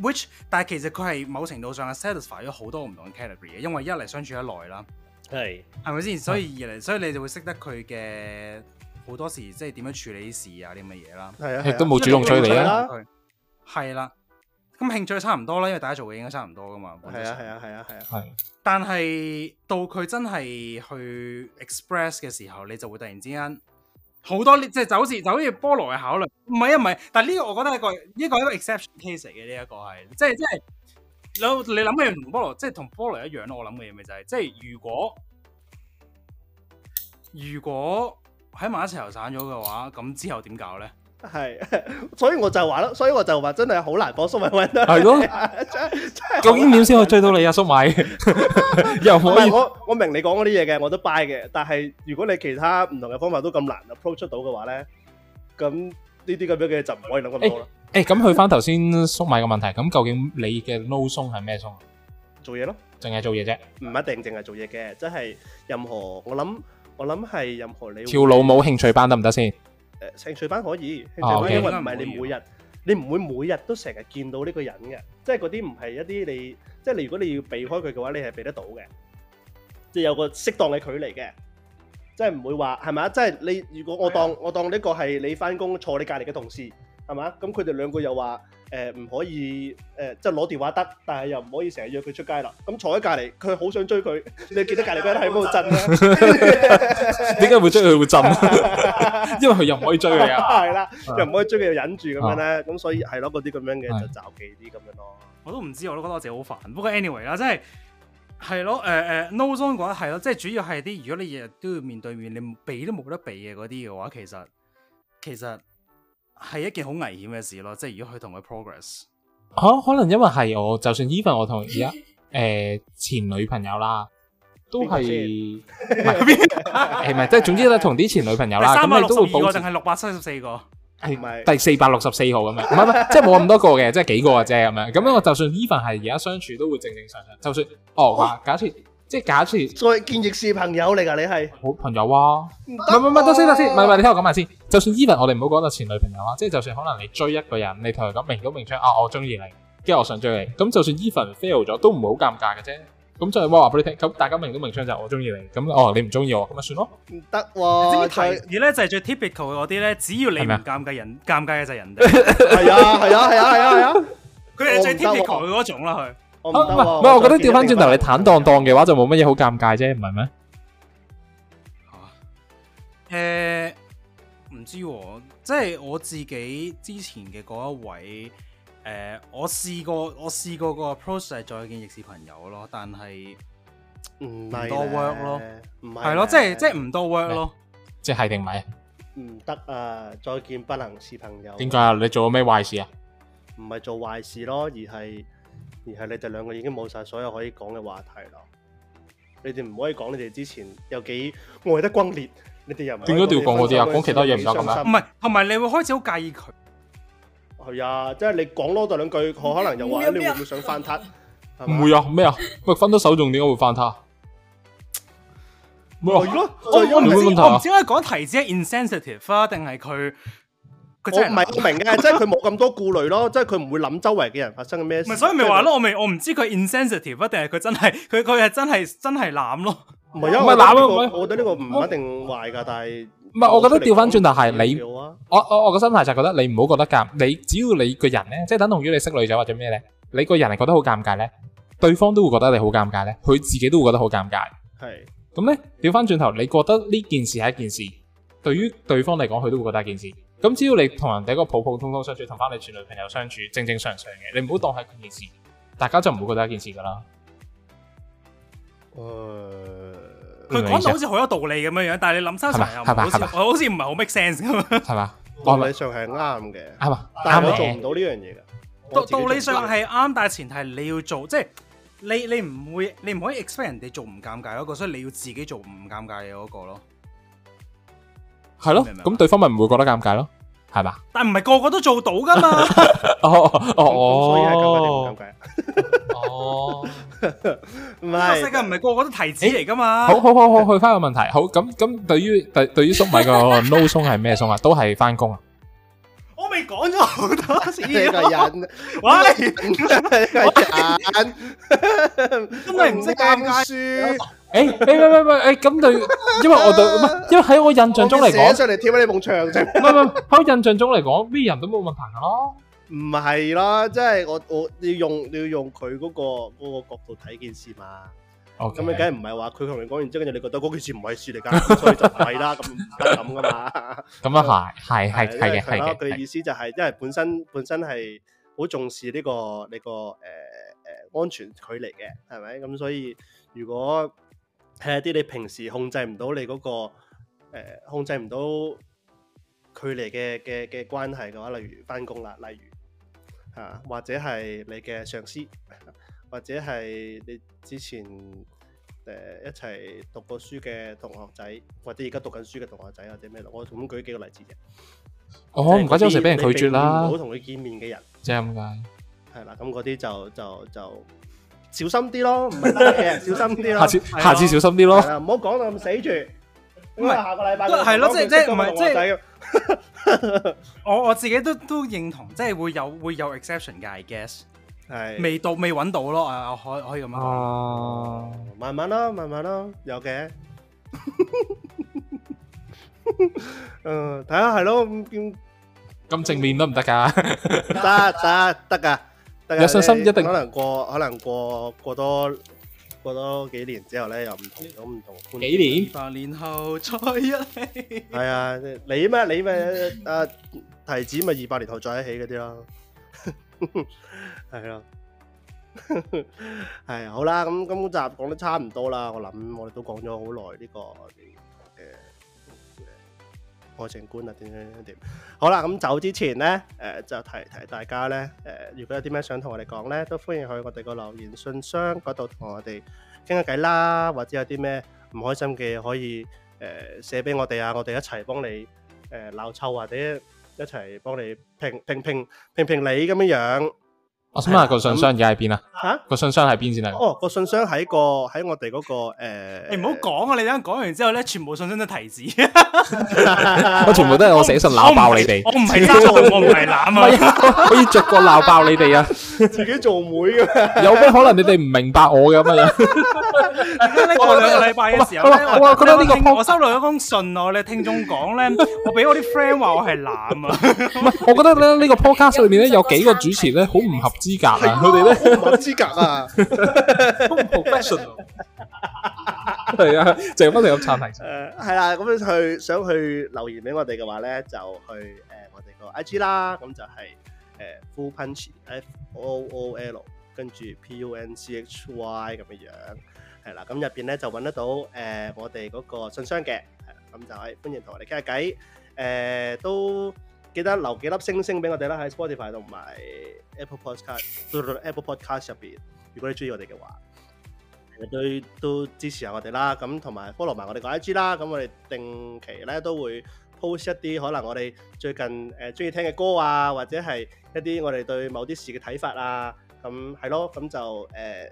，which 但係其實佢係某程度上啊 satisfy 咗好多唔同嘅 category 嘅，因為一嚟相處得耐啦，係係咪先？所以二嚟是，所以你就會識得佢嘅好多時即係點樣處理事啊啲咁嘅嘢啦，係啊，亦都冇主動追你啊，係啦、啊。咁興趣差唔多啦，因為大家做嘅應該差唔多㗎嘛。係啊，係啊，係啊，係啊。係、啊嗯，但係到佢真係去 express 嘅時候，你就會突然之間好多，即係就好似就好似菠蘿嘅考慮。唔係啊，唔係。但係呢個我覺得係一個呢、呢個、一個 exception case 嚟嘅呢一個係，即係即係。你你諗嘅嘢同菠蘿即係同菠蘿一樣咯。我諗嘅嘢咪就係、係，即係如果如果喺埋一齊又散咗嘅話，咁之後點搞咧？係，所以我就話咯，所以我就話真係好難幫粟米搵得。係咯，究竟點先可以追到你啊？粟米又可以。唔係我，我明你講嗰啲嘢嘅，我都 buy 嘅。但係如果你其他唔同嘅方法都咁難 approach 到嘅話咧，咁呢啲咁樣嘅嘢就唔可以諗得到啦。誒，咁去翻頭先粟米嘅問題，咁究竟你嘅 no 鬆係咩鬆？做嘢咯，淨係做嘢啫。唔一定淨係做嘢嘅，即係任何。我諗我諗係任何你跳老舞興趣班得唔得先？誒興趣班可以，興趣班、哦、因為唔係你每日，你唔會每日都成日見到呢個人嘅，即係嗰啲唔係一啲你，即係你如果你要避開佢嘅話，你係避得到嘅，即係有個適當嘅距離嘅，即係唔會話係咪啊，即係你如果我當的我當呢個係你翻工坐你隔離嘅同事。係嘛？咁佢哋兩個又話誒唔可以誒，即係攞電話得，但係又唔可以成日約佢出街啦。咁坐喺隔籬，佢好想追佢。你見得隔籬嗰人喺度震啊？點解 會追佢會震？ 因為佢又唔可以追你啊。係啦 了，又唔可以追，佢又忍住咁樣咧。咁、啊、所以係咯，嗰啲咁樣嘅就就忌啲咁樣咯。我都唔知，我都覺得我自己好煩。不過 anyway 啦、呃呃 no，即係係咯，誒誒，no zone 嘅話係咯，即係主要係啲如果你日日都要面對面，你避都冇得避嘅嗰啲嘅話，其實其實。其實係一件好危險嘅事咯，即係如果佢同佢 progress，吓、啊、可能因為係我就算 even 我同而家誒前女朋友啦，都係，誒唔係即係總之咧同啲前女朋友啦，三百六十二個定係六百七十四個，係第四百六十四號咁樣，唔係即係冇咁多個嘅， 即係幾個啊即係咁樣，咁樣 我就算 even 係而家相處都會正正常常，就算哦話、哎、假設。即係假設再見亦是朋友嚟噶，你係好朋友啊？唔得、啊，唔唔唔，等先，等先，唔唔，你聽我講埋先。就算 Even，我哋唔好講到前女朋友啊。即係就算可能你追一個人，你同佢講明刀明槍啊，我中意你，跟住我想追你。咁就算 even fail 咗，都唔會好尷尬嘅啫。咁就係我話俾你聽，咁大家明刀明槍就我中意你。咁、啊、哦、啊啊啊啊，你唔中意我，咁咪算咯。唔得喎！你而咧就係、是、最 typical 嗰啲咧，只要你唔尷尬人，嗎尷尬嘅就係人哋。係 啊，係啊，係啊，係啊，佢哋、啊、最 typical 嗰種啦，佢。唔係我覺得調翻轉頭，你坦蕩蕩嘅話就冇乜嘢好尷尬啫，唔係咩？誒，唔知，即係我自己之前嘅嗰一位，誒，我試過，我試過個 process 再見亦是朋友咯，但係唔係多 work 咯，唔係係咯，即係即係唔多 work 咯，即係定咪？唔得啊，再見不能是朋友。點解啊？你做咗咩壞事啊？唔係做壞事咯，而係。而係你哋兩個已經冇晒所有可以講嘅話題囉，你哋唔可以講你哋之前有幾愛得轟烈呢啲人。點解要講嗰啲啊？講其他嘢唔得咩？唔係，同埋你會開始好介意佢。係啊，即係你講多咗兩句，我可能又話你會唔會想翻撻？唔會啊？咩啊？喂，分得手仲點解會翻撻？如果我唔知，我唔知點解講提子係 insensitive 啊？定係佢？我唔係我明嘅，即係佢冇咁多顧慮咯，即係佢唔會諗周圍嘅人發生嘅咩事。唔係，所以咪話咯，我未我唔知佢 insensitive 一定係佢真係佢佢係真係真係濫咯。唔係因為濫啊？唔係我覺得呢個唔一定壞噶，但係唔係我覺得調翻轉頭係你我我我個心態就係覺得你唔好覺得尷尬。你只要你個人咧，即係等同於你識女仔或者咩咧，你個人係覺得好尷尬咧，對方都會覺得你好尷尬咧，佢自己都會覺得好尷尬。係咁咧，調翻轉頭，你覺得呢件事係一件事，對於對方嚟講，佢都會覺得係一件事。咁只要你同人哋一個普普通通相處，同翻你前女朋友相處，正正常常嘅，你唔好當係一件事，大家就唔會覺得一件事噶啦。誒，佢講到好似好有道理咁樣樣，但係你諗翻上嚟，我好似唔係好 make sense 咁樣。係嘛？道理上係啱嘅，係嘛？但係我做唔到呢樣嘢㗎。道道理上係啱，但係前提你要做，即係你你唔會，你唔可以 expect 人哋做唔尷尬嗰個，所以你要自己做唔尷尬嘅嗰個咯。係咯，咁對方咪唔會覺得尷尬咯，係嘛？但唔係個個都做到噶嘛？哦哦哦，所以係尷尬定唔尷尬？哦，唔係，黑色嘅唔係個個都提子嚟噶嘛？好好好好，去翻個問題。好咁咁，對於對對於粟米個 no 松係咩松啊？都係翻工啊？我未講咗好多，黐線嘅人，嘩，咁你唔識尷尬。誒誒喂喂喂誒，咁就因為我對唔係，因為喺我印象中嚟講，攞上嚟貼喺你埲牆啫。唔係，唔係喺印象中嚟講，咩人都冇問題噶咯唔係啦，即係我我要用你要用佢嗰個個角度睇件事嘛。哦，咁你梗係唔係話佢同你講完之後，跟住你覺得嗰棵樹唔係樹嚟噶所以就係啦，咁咁噶嘛咁啊係係係係嘅，係咯。佢嘅意思就係，因為本身本身係好重視呢個呢個誒誒安全距離嘅，係咪？咁所以如果睇一啲你平時控制唔到你嗰個誒控制唔到距離嘅嘅嘅關係嘅話，例如翻工啦，例如嚇，或者係你嘅上司，或者係你之前誒一齊讀過書嘅同學仔，或者而家讀緊書嘅同學仔啊，或者咩？我咁舉幾個例子啫。我唔怪之我成日俾人拒絕啦，唔好同佢見面嘅人。即係咁解？係啦，咁嗰啲就就就。小心啲咯，唔係得嘅，小心啲咯。下次下次小心啲咯。唔好講到咁死住。咁啊，下個禮拜。係咯，即係即係唔係即係。我我自己都都認同，即係會有會有 exception 嘅，I guess。係。未到未揾到咯，啊，可可以咁講。哦。慢慢咯，慢慢咯，有嘅。嗯，睇下係咯。咁正面都唔得噶。得得得噶。有信心一定，可能過可能過過多過多幾年之後咧，又唔同咗唔同。幾年？二百年後再一起。係 啊，你咩？你咪啊，提子咪二百年後再一起嗰啲咯。係 啊是的，係 啊，好啦，咁今集講得差唔多啦。我諗我哋都講咗好耐呢個。愛情觀啊，點點點好啦，咁走之前咧，誒、呃、就提提大家咧，誒、呃、如果有啲咩想同我哋講咧，都歡迎去我哋個留言信箱嗰度同我哋傾下偈啦，或者有啲咩唔開心嘅可以誒寫俾我哋啊，我哋一齊幫你誒鬧臭或者一齊幫你評評評評評理咁樣樣。我想問下個信箱而家喺邊啊？吓，個信箱喺邊先啊？哦，個信箱喺個喺我哋嗰個誒，你唔好講啊！你等陣講完之後咧，全部信箱都提示，我全部都係我寫信鬧爆你哋，我唔係做我圍欄啊，可以逐個鬧爆你哋啊，自己做妹㗎，有咩可能你哋唔明白我嘅咁嘅人？過兩個禮拜嘅時候咧，我收到一封信，我哋聽眾講咧，我俾我啲 friend 話我係懶啊。我覺得咧呢個 podcast 裏邊咧有幾個主持咧好唔合資格，佢哋都冇資格啊，好唔 professional。係啊，就乜你咁差題？係啦，咁樣去想去留言俾我哋嘅話咧，就去誒我哋個 I G 啦，咁就係誒 full punchy f o o l 跟住 p u n c h y 咁嘅樣。係啦，咁入邊咧就搵得到誒我哋嗰個信箱嘅，係咁就係歡迎同我哋傾下偈。誒都記得留幾粒星星俾我哋啦，喺 Spotify 同埋 Apple Podcast，Apple Podcast 入邊。如果你中意我哋嘅話，誒都都支持下我哋啦。咁同埋 follow 埋我哋個 IG 啦。咁我哋定期咧都會 post 一啲可能我哋最近誒中意聽嘅歌啊，或者係一啲我哋對某啲事嘅睇法啊。咁係咯，咁就誒。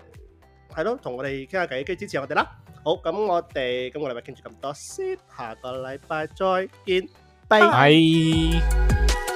係咯，同我哋傾下偈，跟住支持我哋啦。好，咁我哋今個禮拜傾住咁多先，下個禮拜再見，拜拜。Bye. Bye.